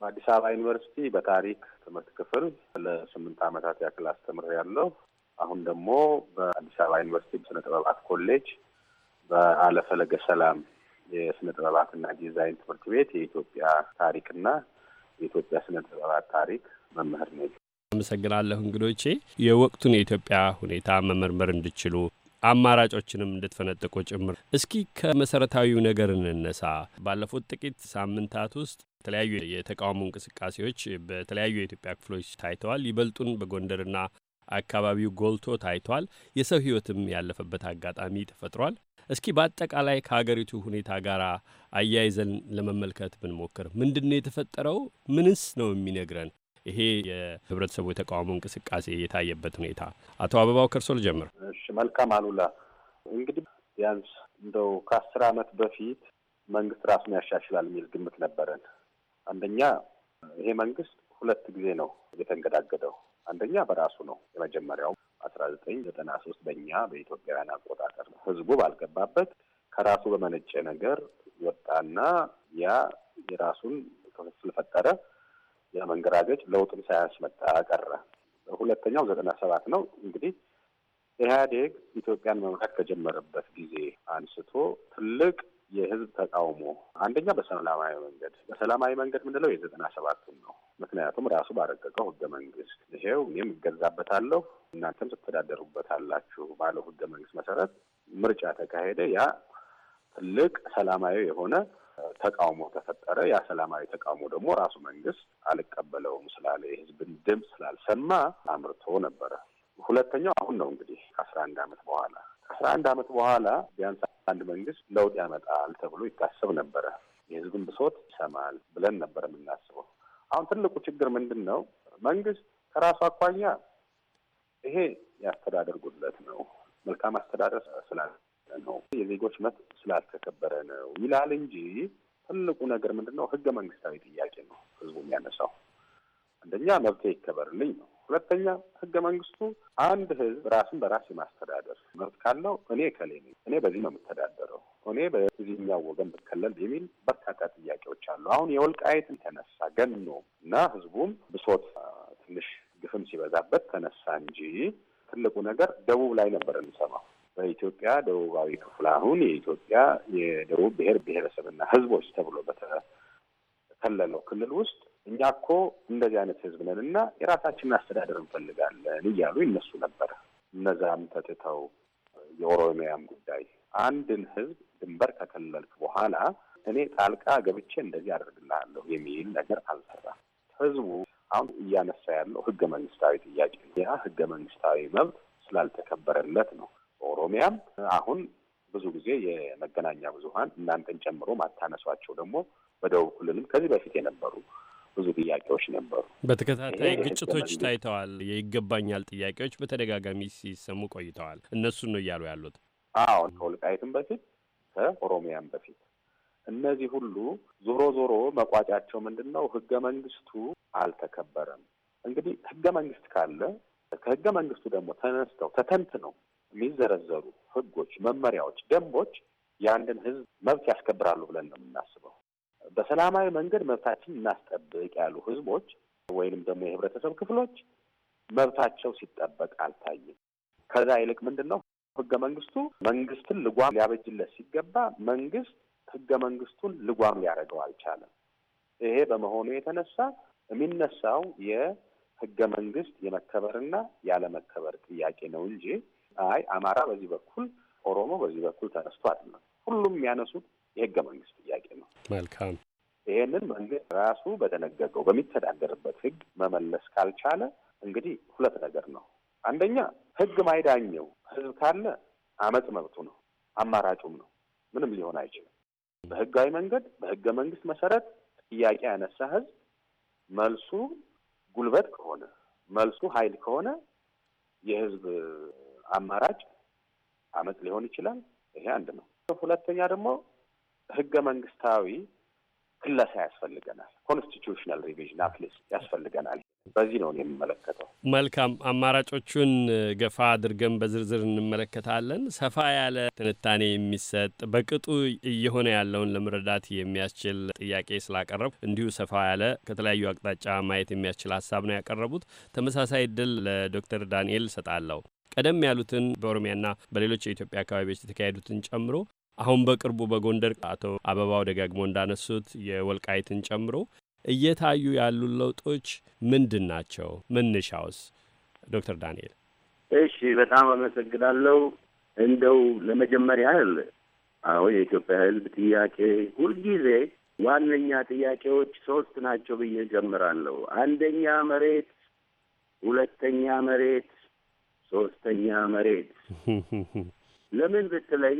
በአዲስ አበባ ዩኒቨርሲቲ በታሪክ ትምህርት ክፍል ለስምንት ዓመታት ያክል አስተምር ያለው አሁን ደግሞ በአዲስ አበባ ዩኒቨርሲቲ ስነ ጥበባት ኮሌጅ በአለፈለገ ሰላም የስነ ጥበባትና ዲዛይን ትምህርት ቤት የኢትዮጵያ ታሪክና የኢትዮጵያ ስነ ጥበባት ታሪክ መምህር ነ አመሰግናለሁ። እንግዶቼ የወቅቱን የኢትዮጵያ ሁኔታ መመርመር እንድችሉ አማራጮችንም እንድትፈነጥቁ ጭምር። እስኪ ከመሰረታዊው ነገር እንነሳ። ባለፉት ጥቂት ሳምንታት ውስጥ የተለያዩ የተቃውሞ እንቅስቃሴዎች በተለያዩ የኢትዮጵያ ክፍሎች ታይተዋል። ይበልጡን በጎንደርና አካባቢው ጎልቶ ታይቷል። የሰው ሕይወትም ያለፈበት አጋጣሚ ተፈጥሯል። እስኪ በአጠቃላይ ከሀገሪቱ ሁኔታ ጋር አያይዘን ለመመልከት ብንሞክር ምንድን ነው የተፈጠረው? ምንስ ነው የሚነግረን ይሄ የህብረተሰቡ የተቃውሞ እንቅስቃሴ የታየበት ሁኔታ? አቶ አበባው ከርሶ ልጀምር። እሺ፣ መልካም አሉላ። እንግዲህ ቢያንስ እንደው ከአስር ዓመት በፊት መንግስት ራሱን ያሻሽላል የሚል ግምት ነበረን። አንደኛ ይሄ መንግስት ሁለት ጊዜ ነው የተንገዳገደው። አንደኛ በራሱ ነው የመጀመሪያው አስራ ዘጠኝ ዘጠና ሶስት በእኛ በኢትዮጵያውያን አቆጣጠር ነው። ህዝቡ ባልገባበት ከራሱ በመነጨ ነገር ወጣና ያ የራሱን ክፍፍል ፈጠረ የመንገራገጭ መንገራገጭ ለውጥም ሳያስመጣ ቀረ። ሁለተኛው ዘጠና ሰባት ነው እንግዲህ ኢህአዴግ ኢትዮጵያን መምራት ከጀመረበት ጊዜ አንስቶ ትልቅ የህዝብ ተቃውሞ አንደኛ በሰላማዊ መንገድ በሰላማዊ መንገድ ምንለው የዘጠና ሰባቱን ነው ምክንያቱም ራሱ ባረቀቀው ህገ መንግስት ይሄው እኔም እገዛበታለሁ እናንተም ትተዳደሩበታላችሁ ባለው ህገ መንግስት መሰረት ምርጫ ተካሄደ። ያ ትልቅ ሰላማዊ የሆነ ተቃውሞ ተፈጠረ። ያ ሰላማዊ ተቃውሞ ደግሞ ራሱ መንግስት አልቀበለውም ስላለ የህዝብን ድምፅ ስላልሰማ አምርቶ ነበረ። ሁለተኛው አሁን ነው እንግዲህ ከአስራ አንድ አመት በኋላ ከአስራ አንድ አመት በኋላ ቢያንስ አንድ መንግስት ለውጥ ያመጣል ተብሎ ይታሰብ ነበረ። የህዝብን ብሶት ይሰማል ብለን ነበር የምናስበው። አሁን ትልቁ ችግር ምንድን ነው? መንግስት ከራሱ አኳያ ይሄ የአስተዳደር ጉድለት ነው፣ መልካም አስተዳደር ስላለ ነው፣ የዜጎች መብት ስላልተከበረ ነው ይላል እንጂ ትልቁ ነገር ምንድን ነው? ህገ መንግስታዊ ጥያቄ ነው ህዝቡ የሚያነሳው። አንደኛ መብቴ ይከበርልኝ ነው። ሁለተኛ ህገ መንግስቱ አንድ ህዝብ ራሱን በራስ የማስተዳደር መብት ካለው እኔ ከሌ እኔ በዚህ ነው የምተዳደረው እኔ በዚህኛው ወገን ብከለል የሚል በርካታ ጥያቄዎች አሉ። አሁን የወልቃይትን ተነሳ ገኖ እና ህዝቡም ብሶት ትንሽ ግፍም ሲበዛበት ተነሳ እንጂ ትልቁ ነገር ደቡብ ላይ ነበር የምሰማው። በኢትዮጵያ ደቡባዊ ክፍል አሁን የኢትዮጵያ የደቡብ ብሔር ብሔረሰብና ህዝቦች ተብሎ በተከለለው ክልል ውስጥ እኛ እኮ እንደዚህ አይነት ህዝብ ነን እና የራሳችንን አስተዳደር እንፈልጋለን እያሉ ይነሱ ነበር። እነዛም ተትተው የኦሮሚያም ጉዳይ አንድን ህዝብ ድንበር ከከለልክ በኋላ እኔ ጣልቃ ገብቼ እንደዚህ አደርግልሃለሁ የሚል ነገር አልሰራም። ህዝቡ አሁን እያነሳ ያለው ህገ መንግስታዊ ጥያቄ ነው። ያ ህገ መንግስታዊ መብት ስላልተከበረለት ነው። ኦሮሚያም አሁን ብዙ ጊዜ የመገናኛ ብዙሀን እናንተን ጨምሮ ማታነሷቸው ደግሞ በደቡብ ክልልም ከዚህ በፊት የነበሩ ብዙ ጥያቄዎች ነበሩ። በተከታታይ ግጭቶች ታይተዋል። የይገባኛል ጥያቄዎች በተደጋጋሚ ሲሰሙ ቆይተዋል። እነሱን ነው እያሉ ያሉት። አዎ ከወልቃይትም በፊት ከኦሮሚያም በፊት እነዚህ ሁሉ ዞሮ ዞሮ መቋጫቸው ምንድን ነው? ህገ መንግስቱ አልተከበረም። እንግዲህ ህገ መንግስት ካለ ከህገ መንግስቱ ደግሞ ተነስተው ተተንትነው የሚዘረዘሩ ህጎች፣ መመሪያዎች፣ ደንቦች የአንድን ህዝብ መብት ያስከብራሉ ብለን ነው የምናስበው። በሰላማዊ መንገድ መብታችን እናስጠብቅ ያሉ ህዝቦች ወይንም ደግሞ የህብረተሰብ ክፍሎች መብታቸው ሲጠበቅ አልታይም። ከዛ ይልቅ ምንድን ነው ህገ መንግስቱ መንግስትን ልጓም ሊያበጅለት ሲገባ መንግስት ህገ መንግስቱን ልጓም ሊያደርገው አልቻለም። ይሄ በመሆኑ የተነሳ የሚነሳው የህገ መንግስት የመከበርና ያለመከበር ጥያቄ ነው እንጂ አይ አማራ በዚህ በኩል ኦሮሞ በዚህ በኩል ተነስቶ አይደለም። ሁሉም የሚያነሱት የህገ መንግስት ጥያቄ ነው። መልካም ይሄንን መንግስት ራሱ በደነገገው በሚተዳደርበት ህግ መመለስ ካልቻለ እንግዲህ ሁለት ነገር ነው። አንደኛ ህግ ማይዳኘው ህዝብ ካለ አመፅ መብቱ ነው፣ አማራጩም ነው። ምንም ሊሆን አይችልም። በህጋዊ መንገድ በህገ መንግስት መሰረት ጥያቄ ያነሳ ህዝብ መልሱ ጉልበት ከሆነ መልሱ ኃይል ከሆነ የህዝብ አማራጭ አመፅ ሊሆን ይችላል። ይሄ አንድ ነው። ሁለተኛ ደግሞ ህገ መንግስታዊ ክለሳ ያስፈልገናል። ኮንስቲቱሽናል ሪቪዥን አትሊስት ያስፈልገናል። በዚህ ነው የምመለከተው። መልካም አማራጮቹን ገፋ አድርገን በዝርዝር እንመለከታለን። ሰፋ ያለ ትንታኔ የሚሰጥ በቅጡ እየሆነ ያለውን ለመረዳት የሚያስችል ጥያቄ ስላቀረብ እንዲሁ ሰፋ ያለ ከተለያዩ አቅጣጫ ማየት የሚያስችል ሀሳብ ነው ያቀረቡት። ተመሳሳይ እድል ለዶክተር ዳንኤል ሰጣለሁ። ቀደም ያሉትን በኦሮሚያና በሌሎች የኢትዮጵያ አካባቢዎች የተካሄዱትን ጨምሮ አሁን በቅርቡ በጎንደር አቶ አበባው ደጋግሞ እንዳነሱት የወልቃይትን ጨምሮ እየታዩ ያሉ ለውጦች ምንድን ናቸው? መነሻውስ? ዶክተር ዳንኤል እሺ፣ በጣም አመሰግናለሁ። እንደው ለመጀመሪያ ያህል አዎ፣ የኢትዮጵያ ሕዝብ ጥያቄ ሁልጊዜ ዋነኛ ጥያቄዎች ሶስት ናቸው ብዬ ጀምራለሁ። አንደኛ መሬት፣ ሁለተኛ መሬት፣ ሶስተኛ መሬት። ለምን ብትለኝ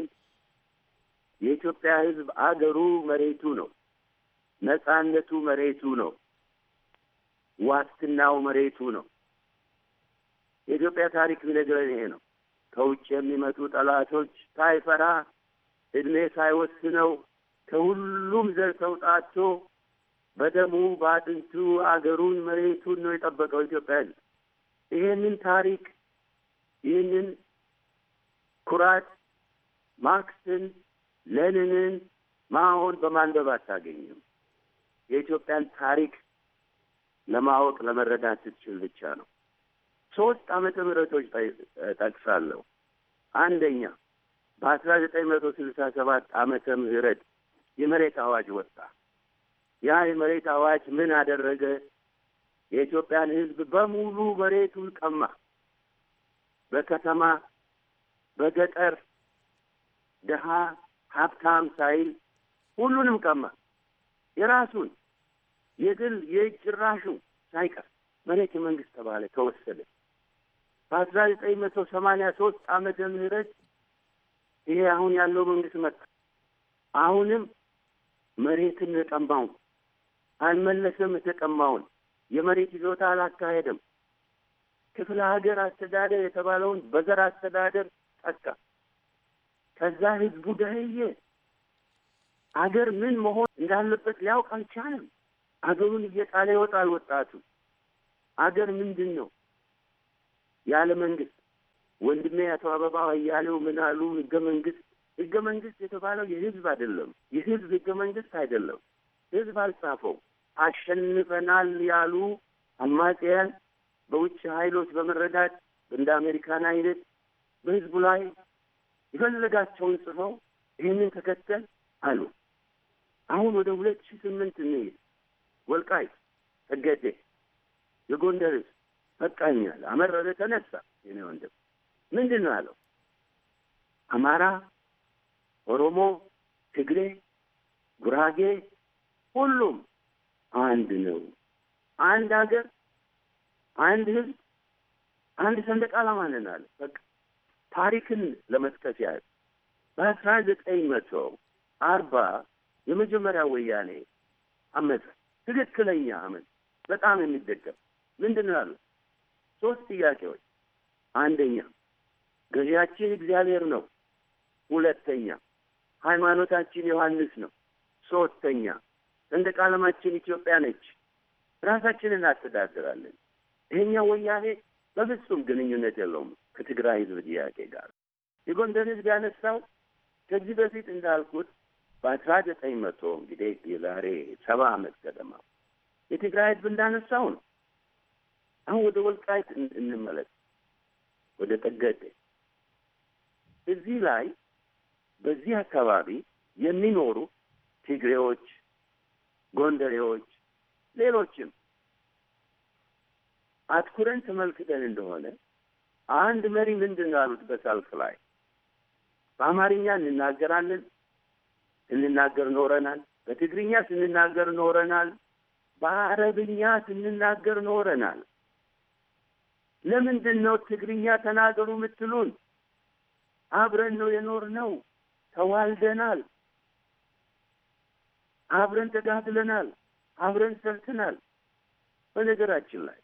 የኢትዮጵያ ሕዝብ አገሩ መሬቱ ነው። ነጻነቱ መሬቱ ነው። ዋስትናው መሬቱ ነው። የኢትዮጵያ ታሪክ የሚነግረን ይሄ ነው። ከውጭ የሚመጡ ጠላቶች ሳይፈራ እድሜ ሳይወስነው ከሁሉም ዘር ተውጣቶ በደሙ በአጥንቱ አገሩን መሬቱን ነው የጠበቀው ኢትዮጵያ ይህንን ታሪክ ይህንን ኩራት ማክስን ለንንን ማሆን በማንበብ አታገኝም። የኢትዮጵያን ታሪክ ለማወቅ ለመረዳት ስትችል ብቻ ነው። ሶስት ዓመተ ምህረቶች ጠቅሳለሁ። አንደኛ በአስራ ዘጠኝ መቶ ስልሳ ሰባት ዓመተ ምህረት የመሬት አዋጅ ወጣ። ያ የመሬት አዋጅ ምን አደረገ? የኢትዮጵያን ሕዝብ በሙሉ መሬቱን ቀማ። በከተማ፣ በገጠር፣ ድሃ? ሀብታም ሳይል ሁሉንም ቀማ። የራሱን የግል የእጅ ሳይቀር መሬት የመንግስት ተባለ ተወሰደ። በአስራ ዘጠኝ መቶ ሰማንያ ሶስት አመተ ምህረት ይሄ አሁን ያለው መንግስት መጣ። አሁንም መሬትን የቀማውን አልመለሰም። የተቀማውን የመሬት ይዞታ አላካሄደም። ክፍለ ሀገር አስተዳደር የተባለውን በዘር አስተዳደር ጠቃ ከዛ ህዝቡ ደህየ አገር ምን መሆን እንዳለበት ሊያውቅ አልቻለም። አገሩን እየጣለ ይወጣል ወጣቱ። አገር ምንድን ነው ያለ መንግስት? ወንድሜ አቶ አበባ እያለው ምን አሉ? ህገ መንግስት ህገ መንግስት የተባለው የህዝብ አይደለም። የህዝብ ህገ መንግስት አይደለም። ህዝብ አልጻፈው። አሸንፈናል ያሉ አማጽያን በውጭ ኃይሎች በመረዳት እንደ አሜሪካን አይነት በህዝቡ ላይ የፈለጋቸውን ጽፈው ይህንን ተከተል አሉ። አሁን ወደ ሁለት ሺ ስምንት እንሄድ። ወልቃይት ጠገዴ፣ የጎንደር በቃኛል። አመረረ ተነሳ። የኔ ወንድም ምንድን ነው አለው? አማራ፣ ኦሮሞ፣ ትግሬ፣ ጉራጌ ሁሉም አንድ ነው። አንድ ሀገር፣ አንድ ህዝብ፣ አንድ ሰንደቅ ዓላማ ነን አለ በቃ ታሪክን ለመጥቀስ ያህል በአስራ ዘጠኝ መቶ አርባ የመጀመሪያ ወያኔ አመፅ ትክክለኛ አመፅ በጣም የሚደገም ምንድን ነው ያሉት? ሶስት ጥያቄዎች። አንደኛ ገዢያችን እግዚአብሔር ነው። ሁለተኛ ሃይማኖታችን ዮሐንስ ነው። ሶስተኛ ሰንደቅ ዓላማችን ኢትዮጵያ ነች። ራሳችንን እናስተዳድራለን። ይሄኛው ወያኔ በፍጹም ግንኙነት የለውም። ከትግራይ ህዝብ ጥያቄ ጋር የጎንደር ህዝብ ያነሳው ከዚህ በፊት እንዳልኩት በአስራ ዘጠኝ መቶ እንግዲህ የዛሬ ሰባ አመት ገደማ የትግራይ ህዝብ እንዳነሳው ነው። አሁን ወደ ወልቃይት እንመለስ፣ ወደ ጠገዴ። እዚህ ላይ በዚህ አካባቢ የሚኖሩ ትግሬዎች፣ ጎንደሬዎች፣ ሌሎችም አትኩረን ተመልክተን እንደሆነ አንድ መሪ ምንድን ነው ያሉት በሰልፍ ላይ? በአማርኛ እንናገራለን እንናገር ኖረናል። በትግርኛ ስንናገር ኖረናል። በአረብኛ ስንናገር ኖረናል። ለምንድን ነው ትግርኛ ተናገሩ የምትሉን? አብረን ነው የኖር ነው? ተዋልደናል። አብረን ተጋድለናል። አብረን ሰርተናል። በነገራችን ላይ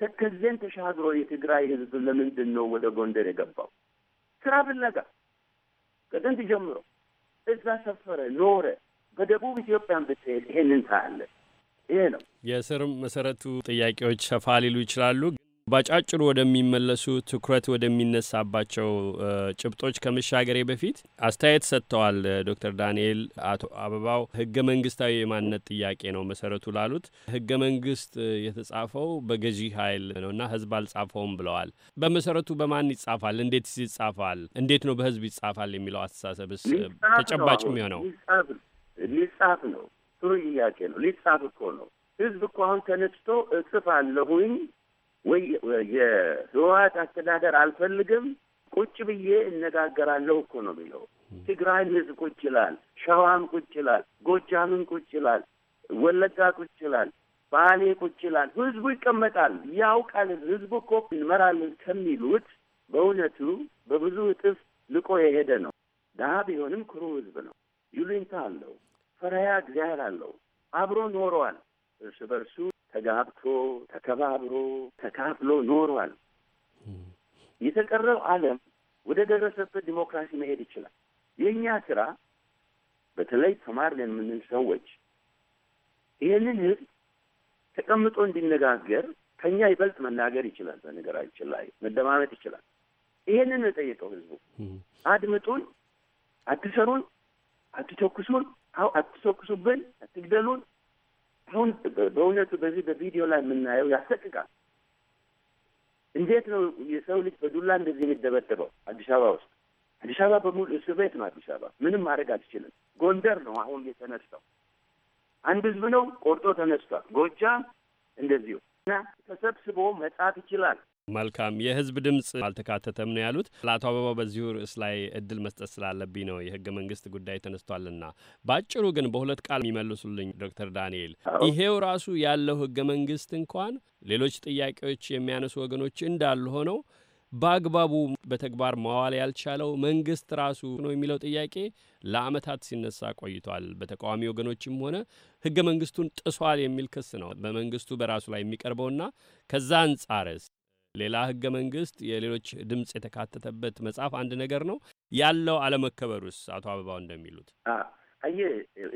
ተከዜን ተሻግሮ የትግራይ ህዝብ ለምንድን ነው ወደ ጎንደር የገባው? ስራ ፍለጋ ከጥንት ጀምሮ እዛ ሰፈረ፣ ኖረ። በደቡብ ኢትዮጵያን ብትሄድ ይሄንን ታያለ። ይሄ ነው የስር መሰረቱ። ጥያቄዎች ሰፋ ሊሉ ይችላሉ። ባጫጭሩ ወደሚመለሱ ትኩረት ወደሚነሳባቸው ጭብጦች ከመሻገሬ በፊት አስተያየት ሰጥተዋል ዶክተር ዳንኤል አቶ አበባው ህገ መንግስታዊ የማንነት ጥያቄ ነው መሰረቱ ላሉት ህገ መንግስት የተጻፈው በገዢ ኃይል ነው እና ህዝብ አልጻፈውም ብለዋል። በመሰረቱ በማን ይጻፋል? እንዴት ይጻፋል? እንዴት ነው በህዝብ ይጻፋል የሚለው አስተሳሰብስ ተጨባጭ የሚሆነው ሊጻፍ ነው? ጥሩ ጥያቄ ነው። ሊጻፍ እኮ ነው። ህዝብ እኮ አሁን ተነስቶ እጽፍ አለሁኝ ወይ የህወሀት አስተዳደር አልፈልግም፣ ቁጭ ብዬ እነጋገራለሁ እኮ ነው የሚለው። ትግራይን ህዝብ ቁጭ ይላል፣ ሸዋም ቁጭ ይላል፣ ጎጃምን ቁጭ ይላል፣ ወለጋ ቁጭ ይላል፣ ባሌ ቁጭ ይላል። ህዝቡ ይቀመጣል፣ ያውቃል። ህዝቡ እኮ እንመራለን ከሚሉት በእውነቱ በብዙ እጥፍ ልቆ የሄደ ነው። ድሀ ቢሆንም ክሩ ህዝብ ነው። ይሉኝታ አለው፣ ፈሪሃ እግዚአብሔር አለው። አብሮ ኖረዋል እርስ በርሱ ተጋብቶ ተከባብሮ ተካፍሎ ኖሯል። የተቀረው ዓለም ወደ ደረሰበት ዲሞክራሲ መሄድ ይችላል። የእኛ ስራ በተለይ ተማርነን የምንል ሰዎች ይህንን ህዝብ ተቀምጦ እንዲነጋገር ከኛ ይበልጥ መናገር ይችላል። በነገራችን ላይ መደማመጥ ይችላል። ይሄንን የጠየቀው ህዝቡ አድምጡን፣ አትሰሩን፣ አትተኩሱን፣ አትተኩሱብን፣ አትግደሉን፣ አሁን በእውነቱ በዚህ በቪዲዮ ላይ የምናየው ያሰቅቃል። እንዴት ነው የሰው ልጅ በዱላ እንደዚህ የሚደበደበው? አዲስ አበባ ውስጥ አዲስ አበባ በሙሉ እስር ቤት ነው። አዲስ አበባ ምንም ማድረግ አልችልም። ጎንደር ነው አሁን የተነሳው። አንድ ህዝብ ነው ቆርጦ ተነስቷል። ጎጃም እንደዚሁ እና ተሰብስቦ መጻፍ ይችላል። መልካም የህዝብ ድምጽ አልተካተተም ነው ያሉት። ለአቶ አበባው በዚሁ ርዕስ ላይ እድል መስጠት ስላለብኝ ነው፣ የህገ መንግስት ጉዳይ ተነስቷልና። በአጭሩ ግን በሁለት ቃል የሚመልሱልኝ ዶክተር ዳንኤል ይሄው ራሱ ያለው ህገ መንግስት እንኳን ሌሎች ጥያቄዎች የሚያነሱ ወገኖች እንዳሉ ሆነው በአግባቡ በተግባር ማዋል ያልቻለው መንግስት ራሱ ነው የሚለው ጥያቄ ለአመታት ሲነሳ ቆይቷል። በተቃዋሚ ወገኖችም ሆነ ህገ መንግስቱን ጥሷል የሚል ክስ ነው በመንግስቱ በራሱ ላይ የሚቀርበውና ከዛ አንጻርስ ሌላ ህገ መንግስት የሌሎች ድምፅ የተካተተበት መጽሐፍ አንድ ነገር ነው ያለው አለመከበሩስ? አቶ አበባው እንደሚሉት አየ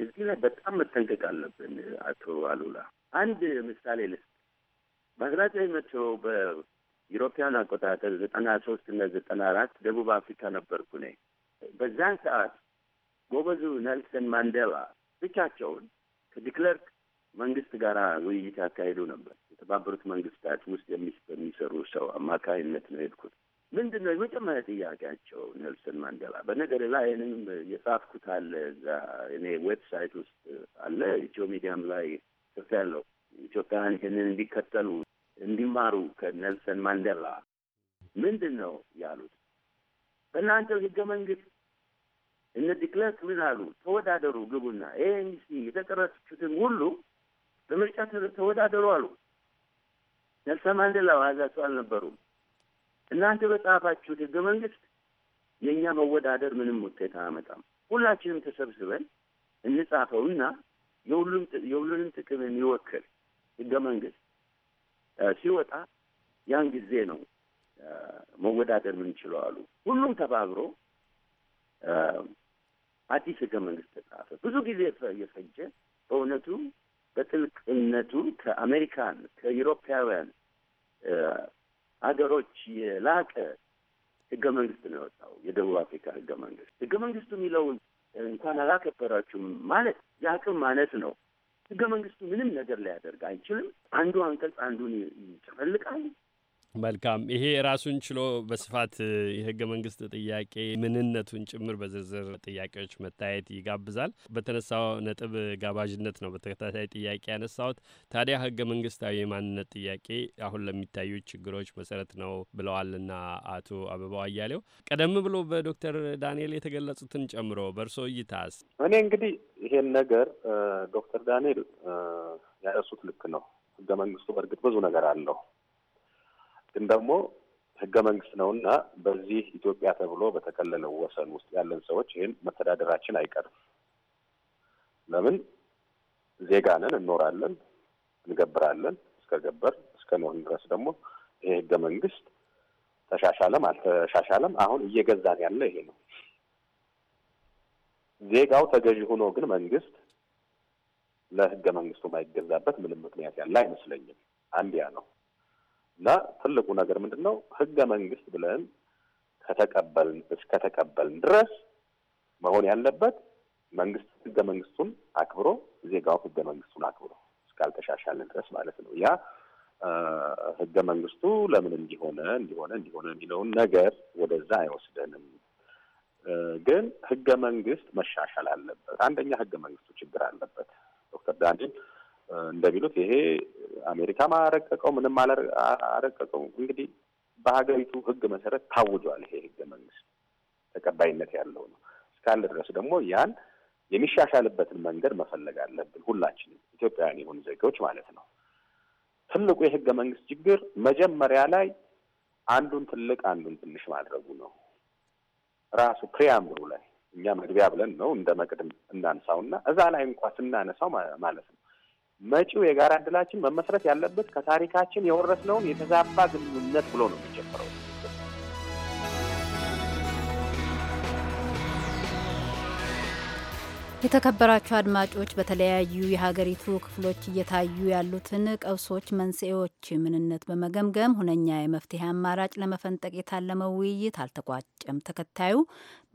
እዚህ ላይ በጣም መጠንቀቅ አለብን። አቶ አሉላ አንድ ምሳሌ ልስጥ። በአስራ ዘጠኝ መቶ በኢሮፒያን አቆጣጠር ዘጠና ሶስት እና ዘጠና አራት ደቡብ አፍሪካ ነበርኩ እኔ። በዛን ሰዓት ጎበዙ ኔልሰን ማንዴላ ብቻቸውን ከዲክለርክ መንግስት ጋር ውይይት ያካሄዱ ነበር። የተባበሩት መንግስታት ውስጥ በሚሰሩ ሰው አማካይነት ነው የሄድኩት። ምንድን ነው የመጀመሪያ ጥያቄያቸው ኔልሰን ማንዴላ? በነገር ላይ ይህንም የጻፍኩት አለ እዛ እኔ ዌብሳይት ውስጥ አለ ኢትዮ ሚዲያም ላይ ጽፍ ያለው ኢትዮጵያን ይህንን እንዲከተሉ እንዲማሩ ከኔልሰን ማንዴላ ምንድን ነው ያሉት? በእናንተ ህገ መንግስት እነ ዲክለርክ ምን አሉ? ተወዳደሩ፣ ግቡና ይህ የተቀረችትን ሁሉ በምርጫ ተወዳደሩ አሉ። ኔልሰን ማንዴላ ሰው አልነበሩም። እናንተ በጻፋችሁት ህገ መንግስት የእኛ መወዳደር ምንም ውጤት አያመጣም። ሁላችንም ተሰብስበን እንጻፈውና የሁሉንም ጥቅም የሚወክል ህገ መንግስት ሲወጣ ያን ጊዜ ነው መወዳደር የምንችለው አሉ። ሁሉም ተባብሮ አዲስ ህገ መንግስት ተጻፈ። ብዙ ጊዜ የፈጀ በእውነቱ በጥልቅነቱ ከአሜሪካን ከዩሮፓውያን ሀገሮች የላቀ ህገ መንግስት ነው የወጣው። የደቡብ አፍሪካ ህገ መንግስት ህገ መንግስቱ የሚለውን እንኳን አላከበራችሁም ማለት የአቅም ማለት ነው። ህገ መንግስቱ ምንም ነገር ሊያደርግ አይችልም። አንዱ አንቀጽ አንዱን ይጨፈልቃል። መልካም ይሄ ራሱን ችሎ በስፋት የህገ መንግስት ጥያቄ ምንነቱን ጭምር በዝርዝር ጥያቄዎች መታየት ይጋብዛል። በተነሳው ነጥብ ጋባዥነት ነው በተከታታይ ጥያቄ ያነሳሁት። ታዲያ ህገ መንግስታዊ የማንነት ጥያቄ አሁን ለሚታዩ ችግሮች መሰረት ነው ብለዋልና አቶ አበባው አያሌው ቀደም ብሎ በዶክተር ዳንኤል የተገለጹትን ጨምሮ በእርሶ እይታስ? እኔ እንግዲህ ይሄን ነገር ዶክተር ዳንኤል ያነሱት ልክ ነው። ህገ መንግስቱ በእርግጥ ብዙ ነገር አለው ግን ደግሞ ህገ መንግስት ነው እና በዚህ ኢትዮጵያ ተብሎ በተከለለው ወሰን ውስጥ ያለን ሰዎች ይህን መተዳደራችን አይቀርም። ለምን ዜጋ ነን፣ እንኖራለን፣ እንገብራለን። እስከ ገበር እስከ ኖርን ድረስ ደግሞ ይሄ ህገ መንግስት ተሻሻለም አልተሻሻለም አሁን እየገዛን ያለ ይሄ ነው። ዜጋው ተገዢ ሆኖ ግን መንግስት ለህገ መንግስቱ ማይገዛበት ምንም ምክንያት ያለ አይመስለኝም። አንድ ያ ነው። እና ትልቁ ነገር ምንድን ነው? ህገ መንግስት ብለን ከተቀበልን እስከተቀበልን ድረስ መሆን ያለበት መንግስት ህገ መንግስቱን አክብሮ ዜጋው ህገ መንግስቱን አክብሮ እስካልተሻሻልን ድረስ ማለት ነው። ያ ህገ መንግስቱ ለምን እንዲሆነ እንዲሆነ እንዲሆነ የሚለውን ነገር ወደዛ አይወስደንም። ግን ህገ መንግስት መሻሻል አለበት። አንደኛ ህገ መንግስቱ ችግር አለበት። ዶክተር ዳንኤል እንደሚሉት ይሄ አሜሪካም አረቀቀው ምንም አረቀቀው እንግዲህ በሀገሪቱ ህግ መሰረት ታውጇል። ይሄ ህገ መንግስት ተቀባይነት ያለው ነው። እስካለ ድረስ ደግሞ ያን የሚሻሻልበትን መንገድ መፈለግ አለብን፣ ሁላችንም ኢትዮጵያውያን የሆኑ ዜጋዎች ማለት ነው። ትልቁ የህገ መንግስት ችግር መጀመሪያ ላይ አንዱን ትልቅ አንዱን ትንሽ ማድረጉ ነው። ራሱ ፕሪያምብሩ ላይ እኛ መግቢያ ብለን ነው እንደ መቅድም እናንሳውና እዛ ላይ እንኳ ስናነሳው ማለት ነው መጪው የጋራ እድላችን መመስረት ያለበት ከታሪካችን የወረስነውን የተዛባ ግንኙነት ብሎ ነው የሚጀምረው። የተከበራቸው አድማጮች በተለያዩ የሀገሪቱ ክፍሎች እየታዩ ያሉትን ቀውሶች መንስኤዎች ምንነት በመገምገም ሁነኛ የመፍትሄ አማራጭ ለመፈንጠቅ የታለመው ውይይት አልተቋጨም። ተከታዩ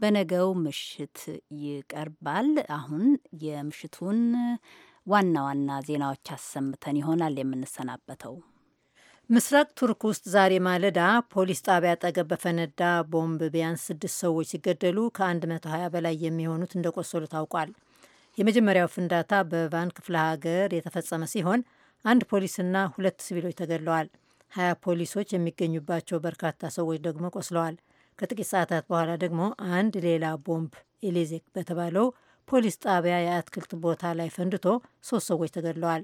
በነገው ምሽት ይቀርባል። አሁን የምሽቱን ዋና ዋና ዜናዎች አሰምተን ይሆናል የምንሰናበተው። ምስራቅ ቱርክ ውስጥ ዛሬ ማለዳ ፖሊስ ጣቢያ አጠገብ በፈነዳ ቦምብ ቢያንስ ስድስት ሰዎች ሲገደሉ ከ120 በላይ የሚሆኑት እንደቆሰሉ ታውቋል። የመጀመሪያው ፍንዳታ በቫን ክፍለ ሀገር የተፈጸመ ሲሆን አንድ ፖሊስና ሁለት ሲቪሎች ተገድለዋል። ሀያ ፖሊሶች የሚገኙባቸው በርካታ ሰዎች ደግሞ ቆስለዋል። ከጥቂት ሰዓታት በኋላ ደግሞ አንድ ሌላ ቦምብ ኤሌዜክ በተባለው ፖሊስ ጣቢያ የአትክልት ቦታ ላይ ፈንድቶ ሶስት ሰዎች ተገድለዋል።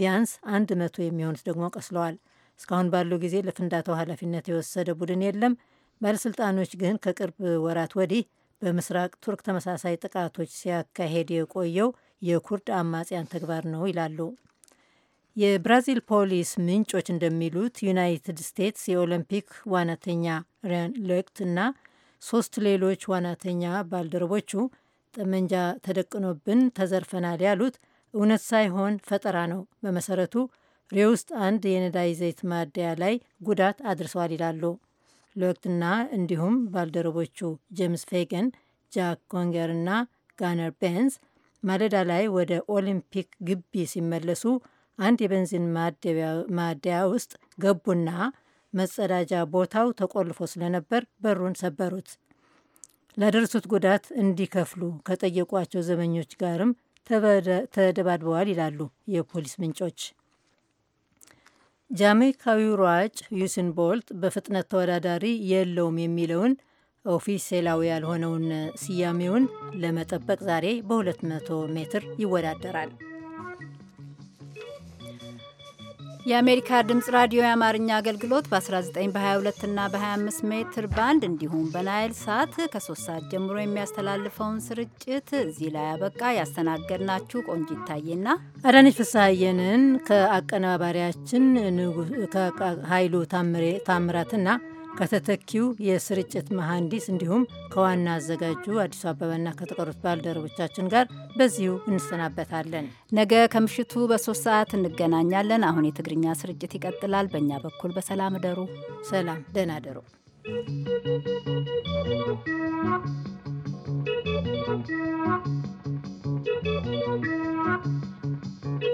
ቢያንስ አንድ መቶ የሚሆኑት ደግሞ ቆስለዋል። እስካሁን ባለው ጊዜ ለፍንዳታው ኃላፊነት የወሰደ ቡድን የለም። ባለሥልጣኖች ግን ከቅርብ ወራት ወዲህ በምስራቅ ቱርክ ተመሳሳይ ጥቃቶች ሲያካሄድ የቆየው የኩርድ አማጽያን ተግባር ነው ይላሉ። የብራዚል ፖሊስ ምንጮች እንደሚሉት ዩናይትድ ስቴትስ የኦሎምፒክ ዋናተኛ ሪያን ሌክት እና ሶስት ሌሎች ዋናተኛ ባልደረቦቹ ጠመንጃ ተደቅኖብን ተዘርፈናል ያሉት እውነት ሳይሆን ፈጠራ ነው። በመሰረቱ ሬ ውስጥ አንድ የነዳጅ ዘይት ማደያ ላይ ጉዳት አድርሰዋል ይላሉ ለወቅትና እንዲሁም ባልደረቦቹ ጄምስ ፌገን፣ ጃክ ኮንገር እና ጋነር ቤንዝ ማለዳ ላይ ወደ ኦሊምፒክ ግቢ ሲመለሱ አንድ የቤንዚን ማደያ ውስጥ ገቡና መጸዳጃ ቦታው ተቆልፎ ስለነበር በሩን ሰበሩት። ላደረሱት ጉዳት እንዲከፍሉ ከጠየቋቸው ዘበኞች ጋርም ተደባድበዋል ይላሉ የፖሊስ ምንጮች። ጃሜካዊ ሯጭ ዩሲን ቦልት በፍጥነት ተወዳዳሪ የለውም የሚለውን ኦፊሴላዊ ያልሆነውን ስያሜውን ለመጠበቅ ዛሬ በ200 ሜትር ይወዳደራል። የአሜሪካ ድምፅ ራዲዮ የአማርኛ አገልግሎት በ19 በ22 እና በ25 ሜትር ባንድ እንዲሁም በናይል ሳት ከሶስት ሰዓት ጀምሮ የሚያስተላልፈውን ስርጭት እዚህ ላይ አበቃ። ያስተናገድናችሁ ቆንጂ ይታየና አዳነች ፍስሐየንን ከአቀነባባሪያችን ኃይሉ ታምራትና ከተተኪው የስርጭት መሐንዲስ እንዲሁም ከዋና አዘጋጁ አዲሱ አበበና ከተቀሩት ባልደረቦቻችን ጋር በዚሁ እንሰናበታለን። ነገ ከምሽቱ በሶስት ሰዓት እንገናኛለን። አሁን የትግርኛ ስርጭት ይቀጥላል። በእኛ በኩል በሰላም እደሩ። ሰላም፣ ደህና እደሩ።